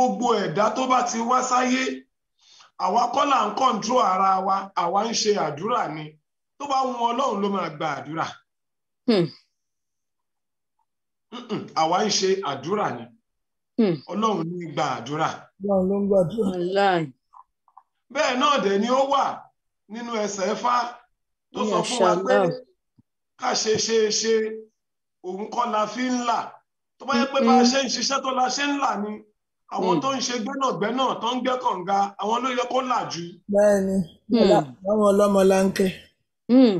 gbogbo ẹ̀dá tó bá ti wá sáyé àwa kọ́ là ń kọ́ńtró ara wa àwa ń ṣe àdúrà ni tó bá wù ọlọ́run ló máa gba àdúrà hmm. àwa ń ṣe àdúrà ni hmm. ọlọ́run ní gba àdúrà. ọlọ́run ló ń gbàdúrà. bẹ́ẹ̀ náà dẹ̀ ni ó wà nínú ẹsẹ̀ Ẹ̀fà tó sọ fún wa pé ká ṣe ṣe ṣe òun kọ́ la fi ń là tó bá yẹ pé bá a hmm. ṣe ń ṣiṣẹ́ tó la ṣe ń là ni àwọn hmm. tó ń ṣe gbẹ́nàgbẹ́nà tó ń gbẹ́ kànga àwọn ló yẹ kó làjú. bẹ́ẹ̀ni hmm. àwọn ọlọ́mọ láńkẹ. Hmm.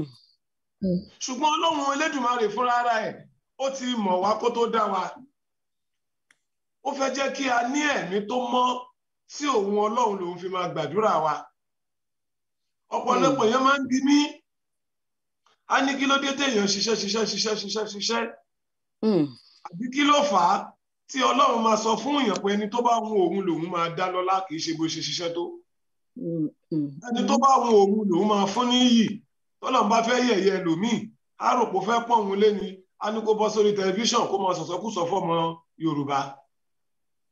ṣùgbọ́n ọlọ́run elédùnmarè fúnra ara ẹ̀ ó ti mọ̀ wá kó tó dá wa ó fẹ́ jẹ́ kí a ní ẹ̀mí tó mọ́ tí òun ọlọ́run lòun fi máa gbàdúrà wa ọ̀pọ̀lọpọ̀ yẹn máa ń bi mí a ní kí ló dé téèyàn ṣiṣẹ́ ṣiṣẹ́ ṣiṣẹ́ ṣiṣẹ́ ṣiṣẹ́ àbí kí ló fà á tí ọlọ́run máa sọ fún èèyàn pé ẹni tó bá wù òun lòun máa dá lọ́lá kì í ṣe bó ṣe ṣiṣẹ́ tó mm-hmm. ẹni tó bá wù òun lòun máa fún níyì tọ́lọ́run bá fẹ́ yẹ̀yẹ́ lòmíì á rò pé ó fẹ́ pọ̀ òun léni á ní kó bọ́ sórí tẹlifíṣàn kó máa sọ̀sọ́kùsọ fọ́mọ Yorùbá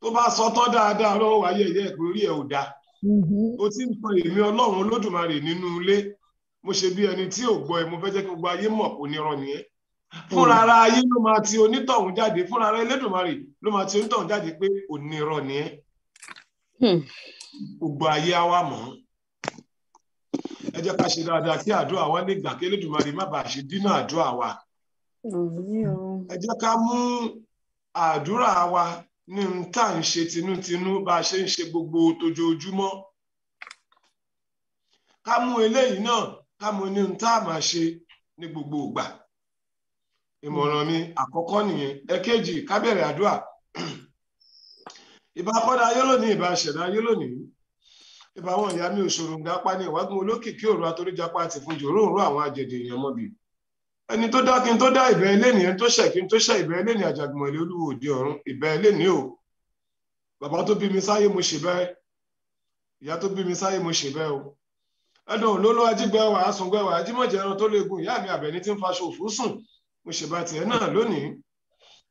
tó bá sọ tán dáadáa ọlọ́run wáyé ẹ̀yẹ́ ìpè ẹ̀ ò dáa mm-hmm. o ti ń tan èmi ọlọ́run olódùmarè nínú ilé mo ṣe bí ẹni tí ò gbọ́ ẹ mo fẹ́ jẹ́ kí gbogbo ayé mọ̀ kò ní nìyẹn fúnra hmm. ara ayé ló máa ti onítọ̀hún jáde fúnra ara Elédùmarè ló máa ti onítọ̀hún jáde pé onírọ̀ ni ẹ́ hmm. gbogbo ayé á wà mọ́ ẹ jẹ́ ká ṣe dáadáa kí àdúrà wa lè gbà kí Elédùmarè má bàa ṣe dínà àdúrà wa ẹ jẹ́ ká mú àdúrà wa ní n tá à ń ṣe tinútinú bá a ṣe ń ṣe gbogbo tójoojúmọ́ ká mú eléyìí náà ká mú ní n tá máa ṣe ní gbogbo ìgbà ìmọ̀ràn mi àkọ́kọ́ nìyẹn ẹ̀kejì kábẹ̀rẹ̀ àdúrà ìbá kọ́dá ayé lónìí ìbá ṣẹ̀dá ayé lónìí ìbá wọn ìyá mi òṣòro ń dápá ní ìwádùn olókìkí òru atoríjapá àti fún jòrò òru àwọn àjèjì èèyàn mọ́bi ẹni tó dá kí n tó dá ìbẹ́ ilé nìyẹn tó ṣẹ̀ kí n tó ṣẹ̀ ìbẹ́ ilé ní àjàgùnmọ̀lẹ́ olúwo òde ọ̀run ìbẹ́ ilé ní o bàbá tó bí mi sáyé mo ṣe bẹ́ẹ̀ ìyá tó bí mi sáyé mo ṣe bẹ́ẹ̀ o ẹdùn olólùwájú gbẹ́wàá sùn ajímọ̀jẹ̀rán tó lè ìyá mi àbẹ̀ní tí ń faṣọ òfú mo ṣèbá tiẹ̀ náà lónìí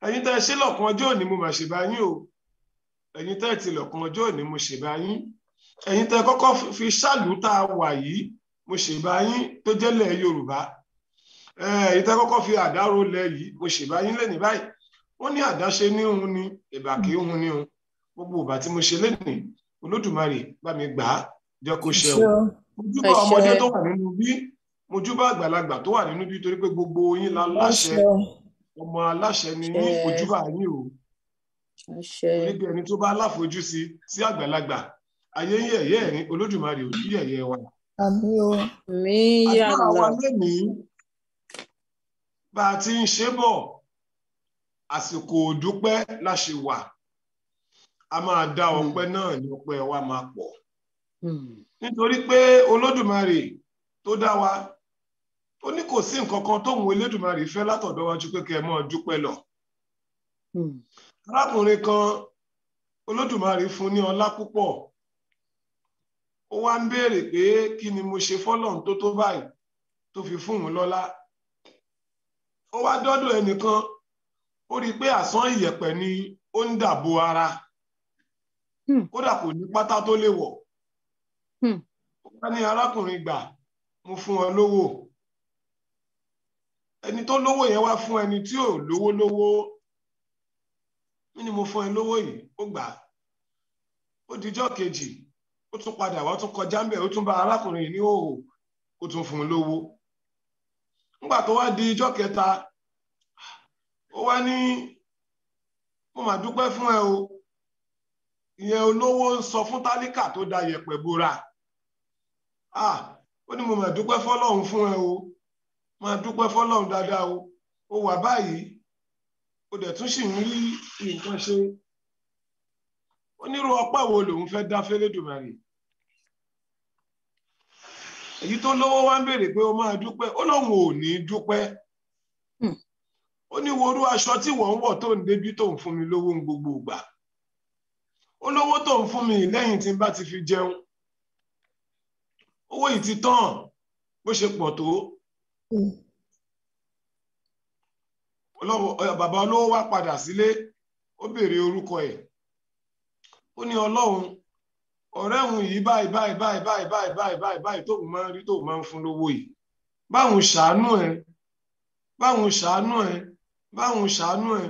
ẹ̀yin tẹ́ ẹ ṣe lọ́kàn ọjọ́ òní mo mà ṣèbá yín o ẹ̀yin tẹ́ ẹ ti lọ́kàn ọjọ́ òní mo ṣèbá yín ẹ̀yin tẹ́ ẹ kọ́kọ́ fi ṣáàlù tá a wà yìí mo ṣèbá yín tó jẹ́lẹ̀ Yorùbá ẹ̀yin tẹ́ ẹ kọ́kọ́ fi àdárò lẹ̀ yìí mo ṣèbá yín lẹ́nìí báyìí wọ́n ní àdáṣe ní hun ni ìbà kì í hun ni o gbogbo ìbà tí mo ṣe lẹ́nìí Olódùmarè bá mi gbà á jẹ́ kó ṣe o ojúbọ ọmọdé tó wà nínú bí mojúbà àgbàlagbà tó wà nínú bí torí pé gbogbo yín la láṣẹ ọmọ aláṣẹ ni yín mojúbà yín o torí pé ẹni tó bá láfojú sí sí àgbàlagbà ayé ń yẹ̀yẹ́ ẹ̀rín olódùmarè ò ní yẹ̀yẹ́ wa. àmì o mi yà lọ. àdúrà wa lẹ́nìí bá a ti ń ṣe bọ̀ àsìkò òdúpẹ́ la ṣe wà a máa dá hmm. ọpẹ́ náà ní ọpẹ́ wa máa pọ̀ hmm. nítorí pé olódùmarè tó dá wa ó ní kò sí nǹkan kan tóun Elédùmarè fẹ́ látọ̀dọ̀ wa ju pé kẹ́ ẹ mọ́ dúpẹ́ lọ. Hmm. arákùnrin kan Olódùmarè fún ní ọlá púpọ̀ ó wá ń béèrè pé kí ni mo ṣe fọ́lọ́run tó tó báyìí tó fi fún òun lọ́lá ó wá dọ́dọ̀ ẹnìkan ó rí i pé àsán ìyẹ̀pẹ̀ ni ó ń dàbò ara hmm. kódà kò ní pátá tó lè wọ̀ hmm. ó wá ní arákùnrin gbà mo fún ọ lówó ẹni tó lówó yẹn wá fún ẹni tí ò lówó lówó ni mo fún ẹ lówó yìí ó gbà á ó dijọ́ kejì ó tún padà wá tún kọjá ń bẹ̀ ó tún bá arákùnrin yìí ní òhò ó tún fún un lówó nígbà tó wá di ijọ́ kẹta ó wá ní mo mà dúpẹ́ fún ẹ o ìyẹn olówó ń sọ fún tálíkà tó da yẹ̀pẹ̀ bora ah ó ní mo mà dúpẹ́ fọlọ́run fún ẹ o máa dúpẹ́ fọ́lọ́run dáadáa o ó wà báyìí ó dẹ̀ tún sì ń rí nǹkan ṣe onírú ọpẹ́ wo lòun fẹ́ dá fẹ́lẹ́dùmarè èyí tó lówó wá ń béèrè pé ó máa dúpẹ́ ó lóun ò ní dúpẹ́ hmm. ó ní worú aṣọ tí wọ́n ń wọ̀ tó ń débí tó ń fún mi lówó ń gbogbo ìgbà ó lówó tó ń fún mi lẹ́yìn tí n bá ti fi jẹun owó yìí ti tán bó ṣe pọ̀ tó bàbá olówó wá padà sílé ó béèrè orúkọ ẹ̀ ó ní ọlọ́run ọ̀rẹ́ òun yìí báyìí báyìí báyìí báyìí báyìí báyìí báyìí báyìí tóun máa ń rí tóun máa ń fún lówó yìí báwọn ṣàánú ẹ báwọn ṣàánú ẹ báwọn ṣàánú ẹ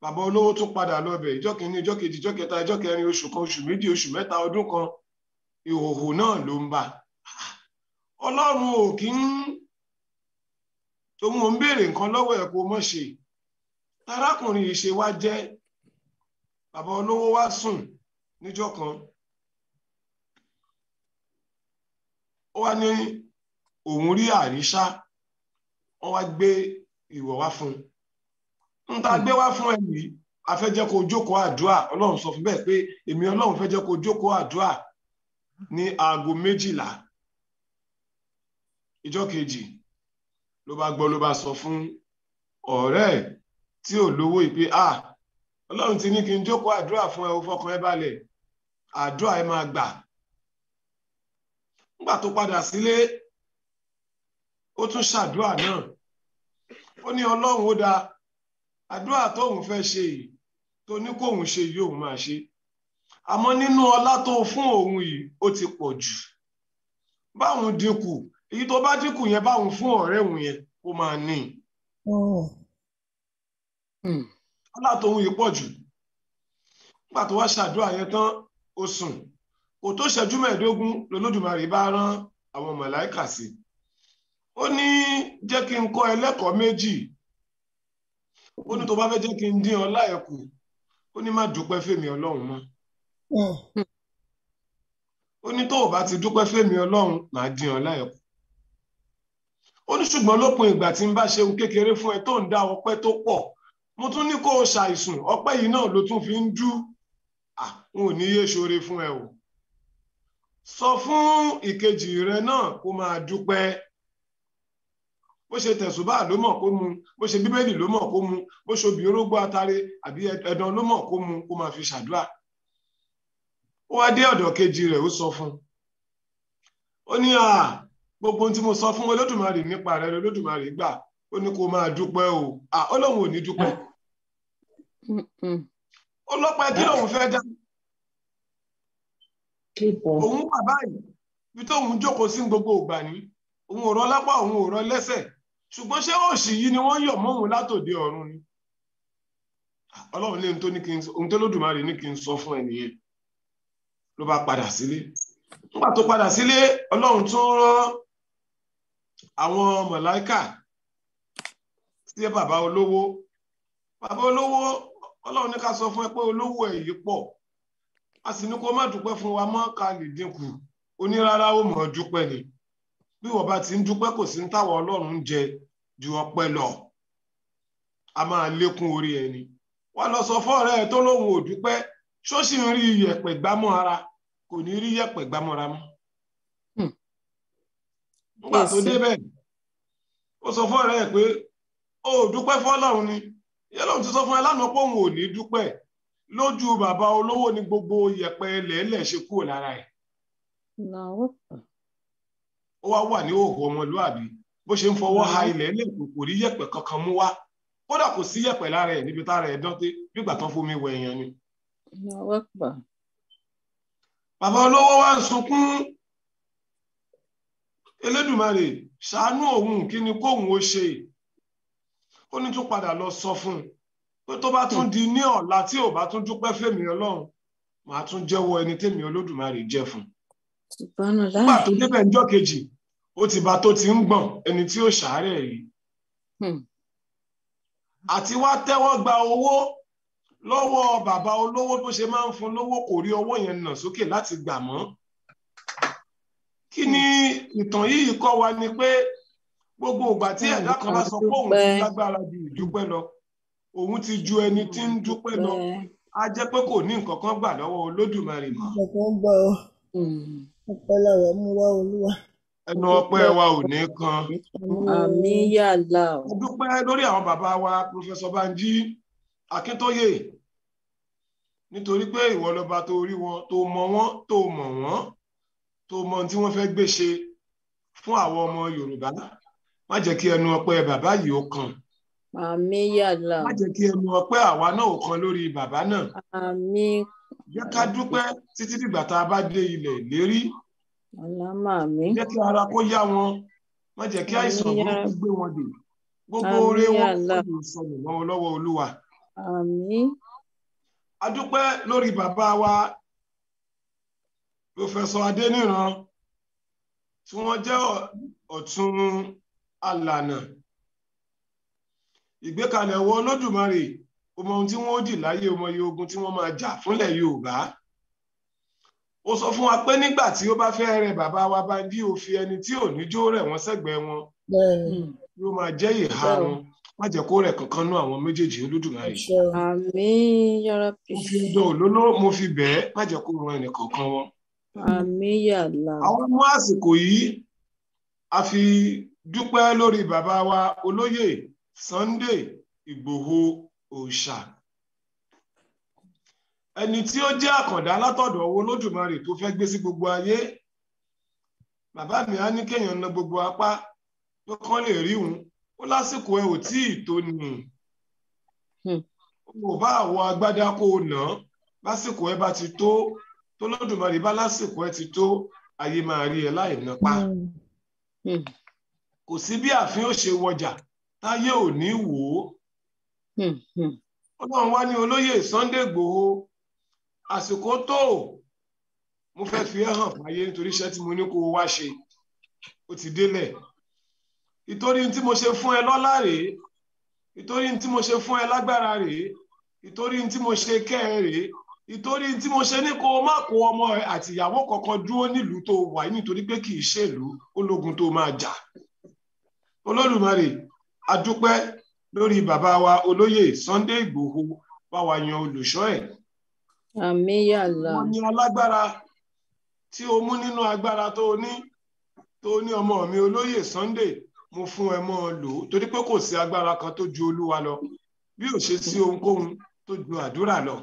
bàbá olówó tún padà lọbẹ ìjọ kìíní ìjọ kejì ìjọ kẹta ìjọ kẹrin oṣù kan oṣù méjì oṣù mẹ́ta ọdún kan ìhòòhò náà ló ń bà á ọlọ́run ò kí ń tòun ò ń béèrè nǹkan lọ́wọ́ ẹ̀ kó mọ̀ ṣe arákùnrin ìṣe wa jẹ́ bàbá olówó wa sùn níjọ́ kan ó wá ní òun rí àríṣà wọ́n wá gbé ìwọ̀ wá fún un n ta gbé wá fún ẹ̀mí a fẹ́ àdúrà ọlọ́run sọ fún bẹ́ẹ̀ pé èmi ọlọ́run fẹ́ jẹ́ àdúrà ní aago méjìlá ìjọ kejì ló bá gbọ́ ló bá sọ fún ọ̀rẹ́ tí ò lówó ìpè à ọlọ́run ti ní kí n jókòó àdúrà fún ẹ o fọkàn ẹ balẹ̀ àdúrà ẹ máa gbà nígbà tó padà sílé ó tún ṣàdúrà náà ó ní ọlọ́run ó dáa àdúrà tóun fẹ́ ṣe yìí tó ní kóun ṣe yìí òun máa ṣe àmọ́ nínú ọlá tó fún òun yìí ó ti pọ̀ jù báwọn dínkù èyí tó bá dínkù yẹn báwọn fún ọ̀rẹ́ òun yẹn kó máa ní ọlá tóun yìí pọ̀ jù nígbà tó wá ṣàdúrà yẹn tán ó sùn kò tó ṣẹ́jú mẹ́ẹ̀ẹ́dógún lolódùmarè bá rán àwọn màláìkà sí ó ní jẹ́ kí n kọ́ ẹlẹ́kọ̀ọ́ méjì ó ní tó bá fẹ́ jẹ́ kí n dín ọlá ẹ̀ kù ó ní má dúpẹ́ fèmí ọlọ́run mọ́ hmm. ó ní tó o bá ti dúpẹ́ fèmí ọlọ́run màá dín ọlá ẹ̀ kù ó ní ṣùgbọ́n lópin ìgbà tí ń bá ṣe ohun kékeré fún ẹ tó ń dá ọpẹ́ tó pọ̀ mo tún ní kó o ṣàìsùn ọpẹ́ yìí náà ló tún fi ń dú n ò ní yé ṣoore fún ẹ o sọ fún ìkejì rẹ náà kó máa dúpẹ́ bó ṣe tẹ̀sùbá ló mọ̀ kó mu bó ṣe bíbélì ló mọ̀ kó mu bó ṣe obì orógbó atare àbí ẹ̀dán ló mọ̀ kó mu kó máa fi ṣàdúrà ó wá dé ọ̀dọ̀ kejì rẹ̀ ó sọ fún ó ní à gbogbo tí mo sọ fún olódùmarè nípa rẹ olódùmarè gbà ó ní kó máa dúpẹ́ o ó lóun ò ní dúpẹ́ ọlọ́pàá kí lóun fẹ́ dá òun wà báyìí bí tóun jókòó sí gbogbo ìgbà ní òun ò rọ lápá òun ò rọ lẹ́sẹ̀ ṣùgbọ́n ṣé òṣì yìí ni wọ́n yọ̀ mọ́hun látòde ọ̀run ni ọlọ́run lé ohun tó lódùmarè ní kí n sọ fún ẹnìyẹn ló bá padà sílé nígbà tó padà sílé ọlọ́run tún rán àwọn mọ̀láìkà sí bàbá olówó bàbá olówó ọlọ́run ní ká sọ fún ẹ pé olówó ẹ̀ yìí pọ̀ a sì ní kó má dúpẹ́ fún wa mọ́ ká lè dínkù onírárá ó mọ̀ dúpẹ́ ni bí wọ́n bá ti ń dúpẹ́ kò sí ń táwọn ọlọ́run ń jẹ ju ọpẹ́ lọ a máa lékún orí ẹni wá lọ sọ fún ọ̀rẹ́ ẹ tó lóun ò dúpẹ́ ṣó sì ń rí iyẹ̀pẹ̀ gbámọ́ ara kò ní rí iyẹ̀pẹ̀ gbámọ́ra mọ́ nígbà tó débẹ̀ ó sọ fún ọ̀rẹ́ ẹ̀ pé ó dúpẹ́ fọ́lọ́run ni yẹ́lọ́run ti sọ fún ẹ lánàá pé òun ò ní dúpẹ́ lójú bàbá olówó ni gbogbo yẹ̀pẹ̀ lẹ́lẹ̀ ṣe kúrò lára ẹ̀. ó wá wà ní òhò ọmọlúàbí bó ṣe ń fọwọ́ ha ilẹ̀ ẹlẹ́kùn kò rí yẹ̀pẹ̀ kankan mú wá kódà kò sí yẹ̀pẹ̀ lára ẹ̀ níbi tára ẹ̀ dán pé nígbà tán fomi wẹ̀ èèyàn ni. bàbá olówó wá ń sunkún elédùmarè ṣàánú òun kí ni kóun ó ṣe ó ní tó padà lọ sọ fún un pé tó bá tún di ní ọ̀la tí ò bá tún dúpẹ́ fèmí ọlọ́run màá tún jẹ́wọ́ ẹni tèmi olódùmarè jẹ́ fún un. nígbà tó débẹ̀ ńjọ́ kejì ó ti bá tó ti ń gbọ̀n ẹni tí ó ṣàárẹ̀ yìí. Hmm. àti wá tẹ́wọ́ gba owó lọ́wọ́ bàbá olówó bó ṣe máa ń fún lówó kò rí owó yẹn nà sókè láti gbà mọ́ kí ni ìtàn yìí kọ́ wa ni pé gbogbo ìgbà tí ẹ̀dá kan bá sọ pé òun ti lágbára ju ìdúpẹ́ lọ òun ti ju ẹni tí ń dúpẹ́ lọ á jẹ́ pé kò ní nǹkan kan gbà lọ́wọ́ olódùmarè mọ́. ọ̀kan gbà ọ́ ọpọlọ rẹ mú wá olúwa. ẹnu ọpẹ́ wa ò ní kan. àmín yàrá o. mo dúpẹ́ lórí àwọn bàbá wa pòfẹ́sọ̀ Banji Akíntóyè nítorí pé ìwọ lọba tó rí wọn tó mọ wọn tó mọ wọn tó mọ tí wọ́n fẹ́ gbé ṣe fún àwọn ọmọ Yorùbá má jẹ́ kí ẹnu ọpẹ́ bàbá yìí ó kàn. Àmín yàrá. Má jẹ́ kí ẹnu ọpẹ́ àwa náà ò kan lórí bàbá náà. Àmín. Jẹ́ ká dúpẹ́ títí dìgbà tá a bá dé ilẹ̀ ìlérí. Àlámà mi. Jẹ́ kí ara kó yá wọn. Má jẹ́ kí àìsàn burúkú gbé wọn dè. Gbogbo oore wọn kò sọnù mọ́ lọ́wọ́ Olúwa. A dúpẹ́ lórí bàbá wa Professor Adéníran tí wọ́n jẹ́ ọ̀tún alànà ìgbékalẹ̀ ọwọ́ Olódùmarè ó mọ ohun tí wọ́n ó dì láyé ọmọ iye ogun tí wọ́n máa jà fúnlẹ̀ Yorùbá ó sọ fún wa pé nígbà tí ó bá fẹ́ rẹ bàbá wa bá bí ó fi ẹni tí ò ní jó rẹ̀ wọ́n sẹ́gbẹ̀ẹ́ wọn yóò máa jẹ́ ìhà má jẹ́ kó rẹ̀ kankan nú àwọn méjèèjì Olódùmarè. mo fi dán olóló mo fi bẹ́ẹ̀ má jẹ́ kó rọ ẹnì kankan wọn àmìyàlá. àwọn ọmọ àsìkò yìí a fi dúpẹ́ lórí bàbá wa olóyè Sunday Ìgbòho òòṣà ẹni tí ó jẹ́ àkàndá látọ̀dọ̀ owó lódùmarè tó fẹ́ gbé sí gbogbo ayé bàbá mi á ní kéèyàn na gbogbo apá tó kán lè rí òun ó lásìkò ẹ ò tí ì tó nù hmm. ó bá àwọ agbádá kó o nà lásìkò ẹ bá ti tó tó lọ́dùmarè bá lásìkò ẹ ti tó ayé máa rí ẹ láì nápa hmm. hmm. kò sí bí ààfin ó ṣe wọjà táyé ò ní wò ó hmm. ọlọ́run wá ní olóyè Sunday Igboho àsìkò tó mo fẹ́ fi ẹ́ hàn fáyé nítorí iṣẹ́ tí mo ní kó o wá ṣe ó ti délẹ̀ ìtorí tí mo ṣe fún ẹ lọ́lá rèé ìtorí tí mo ṣe fún ẹ lágbára rèé ìtorí tí mo ṣe kẹ́ ẹ rèé ìtorí tí mo ṣe ní kó o má kó ọmọ rẹ àtìyàwó kankan dúró nílùú tó wà nítorí pé kì í ṣèlú ológun tó máa jà olódùmarè adúpẹ́ lórí bàbá wa olóyè Sunday Ìgbòho bá wa yan olùṣọ́ ẹ̀. ya Allah. wọ́n ní alágbára tí o mú nínú agbára tó o ní tó o ní ọmọ mi olóyè Sunday mo fún ẹ mọ́ ọ lò ó torí pé kò sí agbára kan tó ju olúwa lọ bí ò ṣe sí ohunkóhun tó ju àdúrà lọ.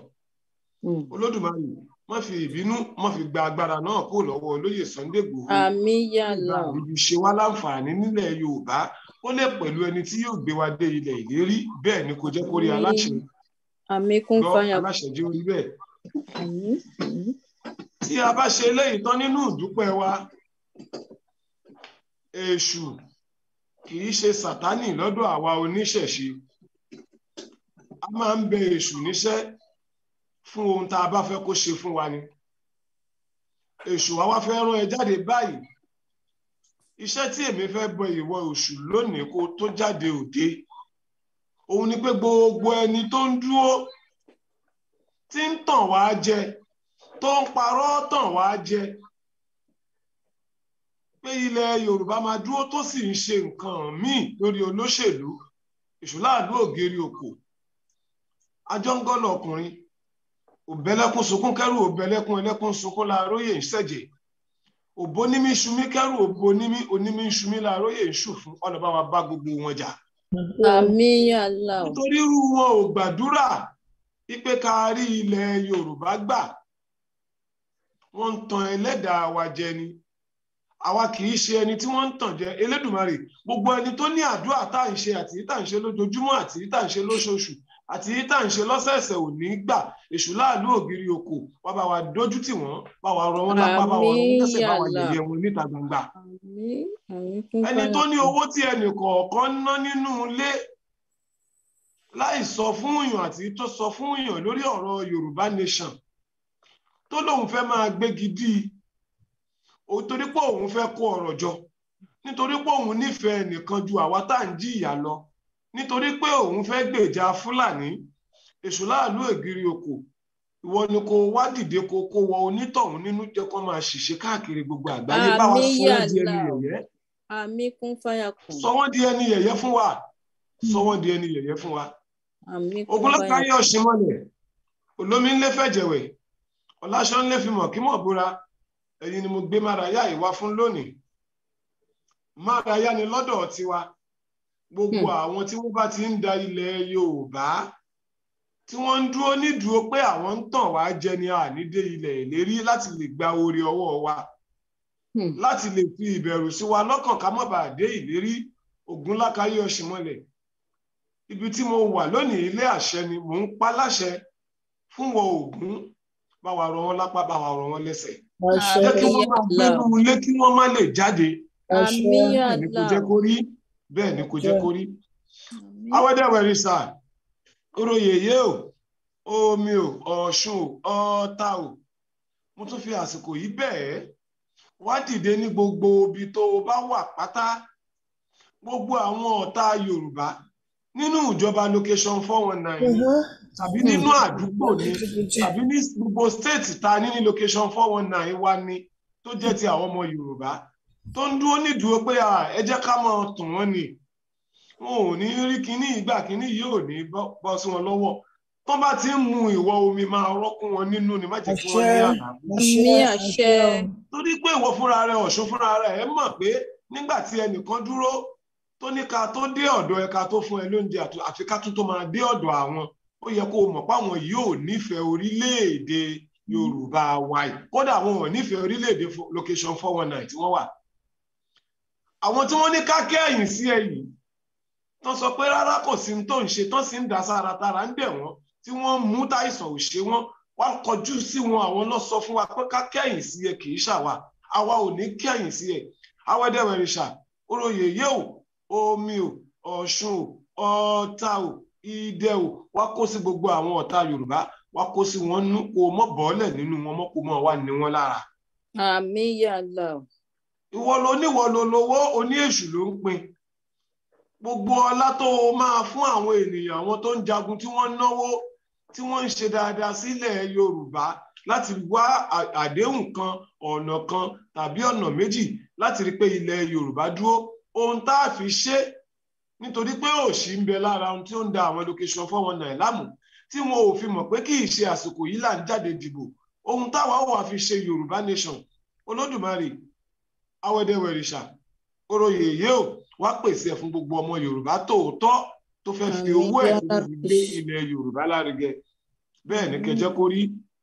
Hmm. olódùmarè má fi ìbínú má fi gba agbára náà kó lọ́wọ́ olóyè Sunday Igboho àmín yá Allah ìlú ṣe wá láǹfààní nílẹ̀ Yorùbá ó lè pẹ̀lú ẹni tí yóò gbé wa dé ilẹ̀ ìlérí bẹ́ẹ̀ ni kò jẹ́ kó rí aláṣẹ lọ aláṣẹ jẹ́ orí bẹ́ẹ̀ hmm, hmm. tí a bá ṣe eléyìí tán nínú ìdúpẹ́ wa èṣù kì í ṣe sàtánì lọ́dọ̀ àwa oníṣẹ̀ṣe a máa ń bẹ èṣù níṣẹ́ fún ohun tá a bá fẹ́ kó ṣe fún wa ni èṣù wa wá fẹ́ rán ẹ jáde báyìí iṣẹ́ tí èmi fẹ́ bọ ìwọ oṣù lónìí kó tó jáde òde òun ni pé gbogbo ẹni tó ń dúró tí ń tàn wá jẹ tó ń parọ́ tàn wá jẹ pé ilẹ̀ Yorùbá máa dúró tó sì ń ṣe nǹkan míì lórí olóṣèlú èṣù òkò ajọ́ngọ́lọ̀ ọkùnrin òbẹ́lẹ́kún sunkún kẹ́rù òbẹ́lẹ́kún ẹlẹ́kún sunkún làáróyè ń ṣẹ̀jẹ̀ òbó nímí kẹ́rù òbó onímí ṣumí làáróyè ń ṣù fún ọlọ́ba wa bá gbogbo wọn jà. àmín Allah. nítorí irú wọn ò gbàdúrà wípé ká ilẹ̀ Yorùbá gbà wọ́n ń tan ẹlẹ́dàá wa jẹ ni àwa kì í ṣe ẹni tí wọ́n ń tàn jẹ Elédùmarè gbogbo ẹni tó ní àdúrà tá à ń ṣe àti tá à ń ṣe lójoojúmọ́ àti tá à ń ṣe lóṣooṣù àti tá à ń ṣe lọ́sẹ̀ẹ̀sẹ̀ ò ní gbà èṣù láàlú ògiri oko wá bá wa dójú tì wọ́n bá wa rọ wọ́n lápá bá wa rọ wọ́n kẹsẹ̀ bá wa yẹ̀yẹ́ wọn níta gbangba. ẹni tó ní owó tí ẹnì kọ̀ọ̀kan ná nínú ilé láì sọ fún èèyàn àti tó sọ fún èèyàn lórí ọ̀rọ̀ Yorùbá nation tó lóun fẹ́ máa gbégi dí i torí pé òun fẹ́ kó ọ̀rọ̀ jọ nítorí pé òun nífẹ̀ẹ́ nìkan ju àwa tá à ń jìyà lọ nítorí pé òun fẹ́ gbèjà fúlàní èṣù láàlú ègiri oko ìwọ ni kò wá dìde kó kó wọ onítọ̀hún nínú jẹ́ kó máa ṣìṣe káàkiri gbogbo àgbáyé báwa sọ wọ́n di ẹni yẹ̀yẹ́ sọ wọ́n di ẹni yẹ̀yẹ́ fún wa sọ wọ́n di ẹni yẹ̀yẹ́ fún wa ogunlọ́ka yẹ ọ̀sìn mọ́lẹ̀ olómi ńlẹ́ fẹ̀jẹ̀wẹ̀ kí mọ̀ búra ẹ̀yin ni mo gbé mára yá ìwá fún lónìí mára yá ni lọ́dọ̀ tiwa gbogbo hmm. àwọn tí wọ́n bá ti ń da ilẹ̀ Yorùbá tí wọ́n ń dúró nídùúró pé àwọn ń tàn wá jẹ ni àní dé ilẹ̀ ìlérí láti lè gba oore ọwọ́ wa hmm. láti lè fi ìbẹ̀rù sí wa lọ́kàn ká má bàa dé ìlérí Ògúnlákayé Ọ̀ṣìnmọ̀lẹ̀ ibi tí mo wà lónìí ilé àṣẹ ni mò ń pa láṣẹ fún wọn Ògún bá wa rọ wọn lápá bá wa rọ wọn lẹ́sẹ̀ jẹ́ kí wọ́n máa gbẹ́rù ilé kí wọ́n má lè jáde àṣẹ bẹ́ẹ̀ ni kò jẹ́ kó rí bẹ́ẹ̀ ni kò jẹ́ kó o omi o ọ̀ṣun o ọ̀tà o mo tún fi àsìkò yìí bẹ̀ ẹ́ wá dìde ní gbogbo ibi tó o bá wà pátá gbogbo àwọn ọ̀tá yorùbá nínú ìjọba location four one nine uh-huh. tàbí nínú hmm. àdúgbò ni tàbí ní gbogbo state ta ní ní location four one nine wa ni tó jẹ́ ti àwọn ọmọ yorùbá tó ń dúró nídùú pé ẹ jẹ́ ká mọ̀ tàn wọ́n ni wọn ò ní rí kinní ìgbà kinní yìí ò ní bọ́ sí wọn lọ́wọ́ tó bá ti ń mu ìwọ omi máa rọ́kún wọn nínú ni má jẹ́ kí wọ́n ní àṣẹ. torí pé ìwọ fúnra rẹ ọ̀ṣun fúnra rẹ ẹ mọ̀ pé nígbà tí ẹnìkan dúró tó ní ká tó dé ọ̀dọ̀ ẹ ká tó fún ẹ lóúnjẹ àfi ká tún tó máa dé ọ̀dọ̀ àwọn ó yẹ kó o mọ̀ páwọn yóò nífẹ̀ẹ́ orílẹ̀-èdè Yorùbá wa kódà wọn ò nífẹ̀ẹ́ orílẹ̀-èdè location four one nine tí wọ́n wà àwọn tí wọ́n ní kákẹ́ ẹ̀yìn sí ẹ̀yìn tán sọ pé rárá kò sí tó ń ṣe tán sì ń dá sára tara ń dẹ̀ wọ́n tí wọ́n mú táìsàn ò ṣe wọ́n wá kọjú sí wọn àwọn náà sọ fún wa pé kákẹ́ ẹ̀yìn sí ẹ kì í ṣàwà àwa ò ní kẹ́yìn sí ẹ awẹ́dẹ̀wẹ̀rìṣà oróyè yé o omi o ọ̀ṣun o ọ̀tà o ìdẹ o wá kó sí gbogbo àwọn ọ̀tá yorùbá wá kó sí wọn nú kó mọ́ bọ́ọ̀lẹ̀ nínú wọn mọ́ kó mọ́ wà ní wọn lára. àmì yàrá ìwọ ló níwọ ló lówó oní èṣù ló ń pín gbogbo ọlá tó o máa fún àwọn ènìyàn àwọn tó ń jagun tí wọ́n ń náwó tí wọ́n ń ṣe dáadáa sílẹ̀ Yorùbá láti wá àdéhùn kan ọ̀nà kan tàbí ọ̀nà méjì láti rí pé ilẹ̀ Yorùbá dúró ohun tá a fi ṣe nítorí pé òṣì ń bẹ lára ohun tí ó ń da àwọn education four one nine tí wọn ò fi mọ̀ pé kì í ṣe àsìkò yìí là ń jáde dìbò ohun táwa wà fi ṣe Yorùbá nation Olódùmarè awẹ́dẹ́wẹ̀rìṣà oróyè yìí ó wá pèsè ẹ̀ fún gbogbo ọmọ yorùbá tòótọ́ tó fẹ́ fi owó ẹ̀ gbé ilẹ̀ yorùbá lárugẹ bẹ́ẹ̀ ni kẹjẹ́ kó rí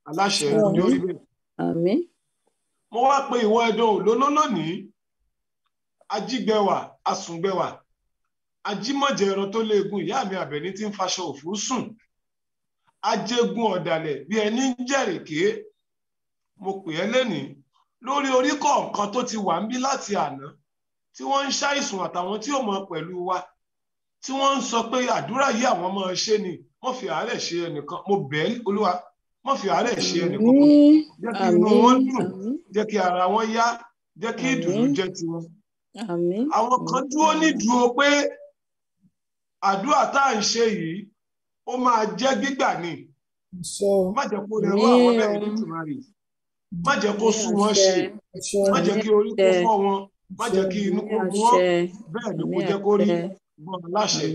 aláṣẹ ní orí bẹ́ẹ̀. mo wá pe ìwọ ẹdùn òlóló lónìí Ajigbẹwa, asungbẹwa, ajímọ̀jẹ ẹran tó léegun ìyá mi àbẹ̀ní tí ń faṣọ òfú sùn ajégun ọ̀dàlẹ̀ bí ẹni ń jẹ̀rèké mo pè ẹ́ lẹ́nìí lórí orí kọ̀ọ̀kan tó ti wà ń bí láti àná tí wọ́n ń ṣàìsùn àtàwọn tí ò mọ̀ pẹ̀lú wa tí wọ́n ń sọ pé àdúrà yìí àwọn máa ṣe ni mo fi àárẹ̀ ṣe ẹnìkan mo bẹ̀ ẹ́ olúwa mo fi àárẹ̀ ṣe ẹnìkan jẹ́ kí inú wọn dùn jẹ́ kí ara wọn yá jẹ́ kí ìdùnnú jẹ́ tiwọn. àwọn kan dúró nídùú pé àdúrà tá à ń ṣe yìí ó máa jẹ́ gbígbà ni má jẹ́ kó rẹ̀ wá àwọn bẹ́ẹ̀ ní tùmárì má jẹ́ kó sú wọn ṣe má jẹ́ kí orí kó fọ́ wọn má jẹ́ kí inú kó mú wọn bẹ́ẹ̀ ni kò jẹ́ kó rí wọn láṣẹ.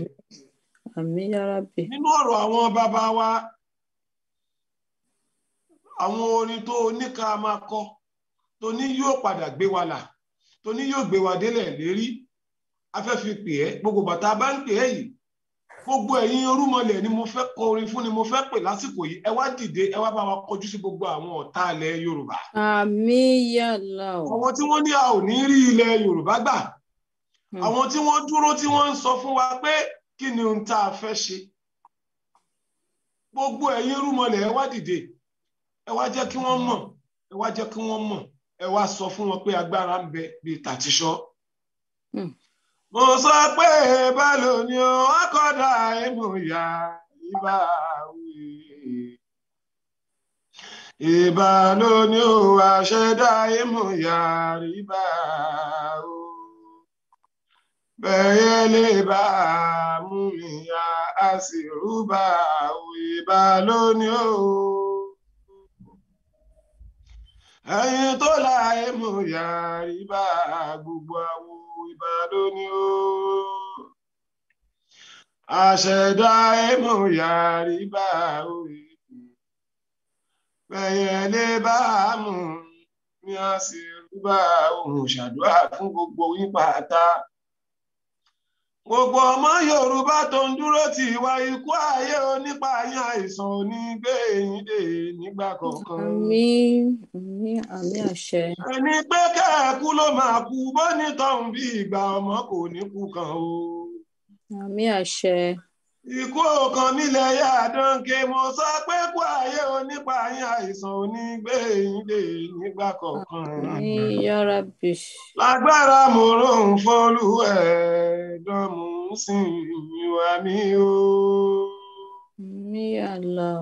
nínú ọ̀rọ̀ àwọn bàbá wa àwọn orin tó oníka máa kọ tó ní yóò padà gbé wa là tó ní yóò gbé wa délẹ̀ lérí afẹ́fipè ẹ́ gbogbo bàtà bá ń pè é yìí gbogbo ẹ̀yin orúmọlẹ̀ ni mo fẹ́ kọ orin fún ni mo fẹ́ pè lásìkò yìí ẹ wá dìde ẹ wá bá wa kọjú sí gbogbo àwọn ọ̀tá ilẹ̀ Yorùbá. àmín yàrá o. àwọn tí wọ́n ní a ò ní rí ilẹ̀ Yorùbá gbà hmm. àwọn tí wọ́n dúró tí wọ́n ń sọ fún wa pé kí ni ohun tá a fẹ́ ṣe gbogbo ẹ̀yin orúmọlẹ̀ ẹ wá dìde ẹ wá jẹ́ kí wọ́n mọ̀ ẹ wá jẹ́ kí wọ́n mọ̀ ẹ wá sọ fún wọn pé agbára ń bẹ bíi tàtíṣọ́. Hmm mo sọ pé bẹ́lò ni ó akọ́dà ìmúyà ìbá wí. Ìbá ló ní ó àṣẹdá ìmúyà ìbá Bẹ̀yẹ lè bá mú mi yá, a sì rúbà o. Ìbá ló ní ó. Ẹyin tó láyé mú yá ìbá gbogbo àwọn ìbàdàn ni ó. yàrí bá òye bẹ̀yẹ̀lé bá mú ní àṣírí bá òun ṣàdúrà fún gbogbo yín pátá. Gbogbo ọmọ Yorùbá tó ń dúró ti ìwà ikú ayé onípa ayé àìsàn ò yín dè nígbà kankan àmì àṣẹ. ẹni pé kẹ́ẹ̀kú ló máa kú bó ní tọ̀hún bí ìgbà ọmọ kò ní kú kan o. àmì àṣẹ. ikú ọ̀kan nílẹ̀ yá dánke mo sọ pé kú ayé onípa yín àìsàn onígbé yín dé nígbà kọ̀ọ̀kan. àmì ya Rabbi. lágbára mo rò ń fọ́lú ẹ̀ẹ́dán ìwà mi o. mi Allah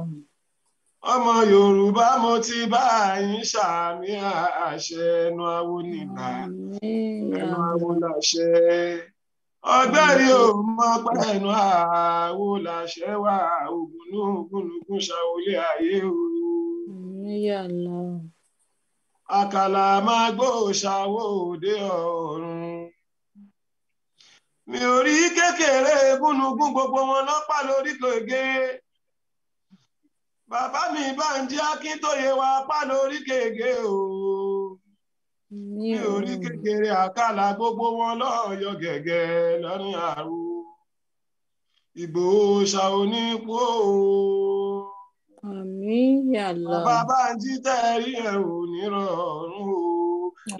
ọmọ yorùbá mo ti bá yín ṣàmì àṣẹ ẹnu awo nìlà ẹnu awo làṣẹ ọgbẹ́rì ò mọ pé ẹnu awo làṣẹ wà ògùn ògùnlógún ṣàwọlé ayé o. àkàlà máa gbó ṣàwọ òde ọ̀run mi ò rí kékeré gúnugún gbogbo wọn lọ́pàá lórí kò gé bàbá mi Bánjí Akíntóyè wa pálọ orí kéèké o ní orí kékeré àkàlà gbogbo wọn lọ́ọ̀yọ́ gẹ̀gẹ́ lọ́rùn àrò Ìgbòho ṣàwọn onípò o. Àmín yàlá. Bàbá Bánjí tẹ̀rí ẹ̀ ò ní o.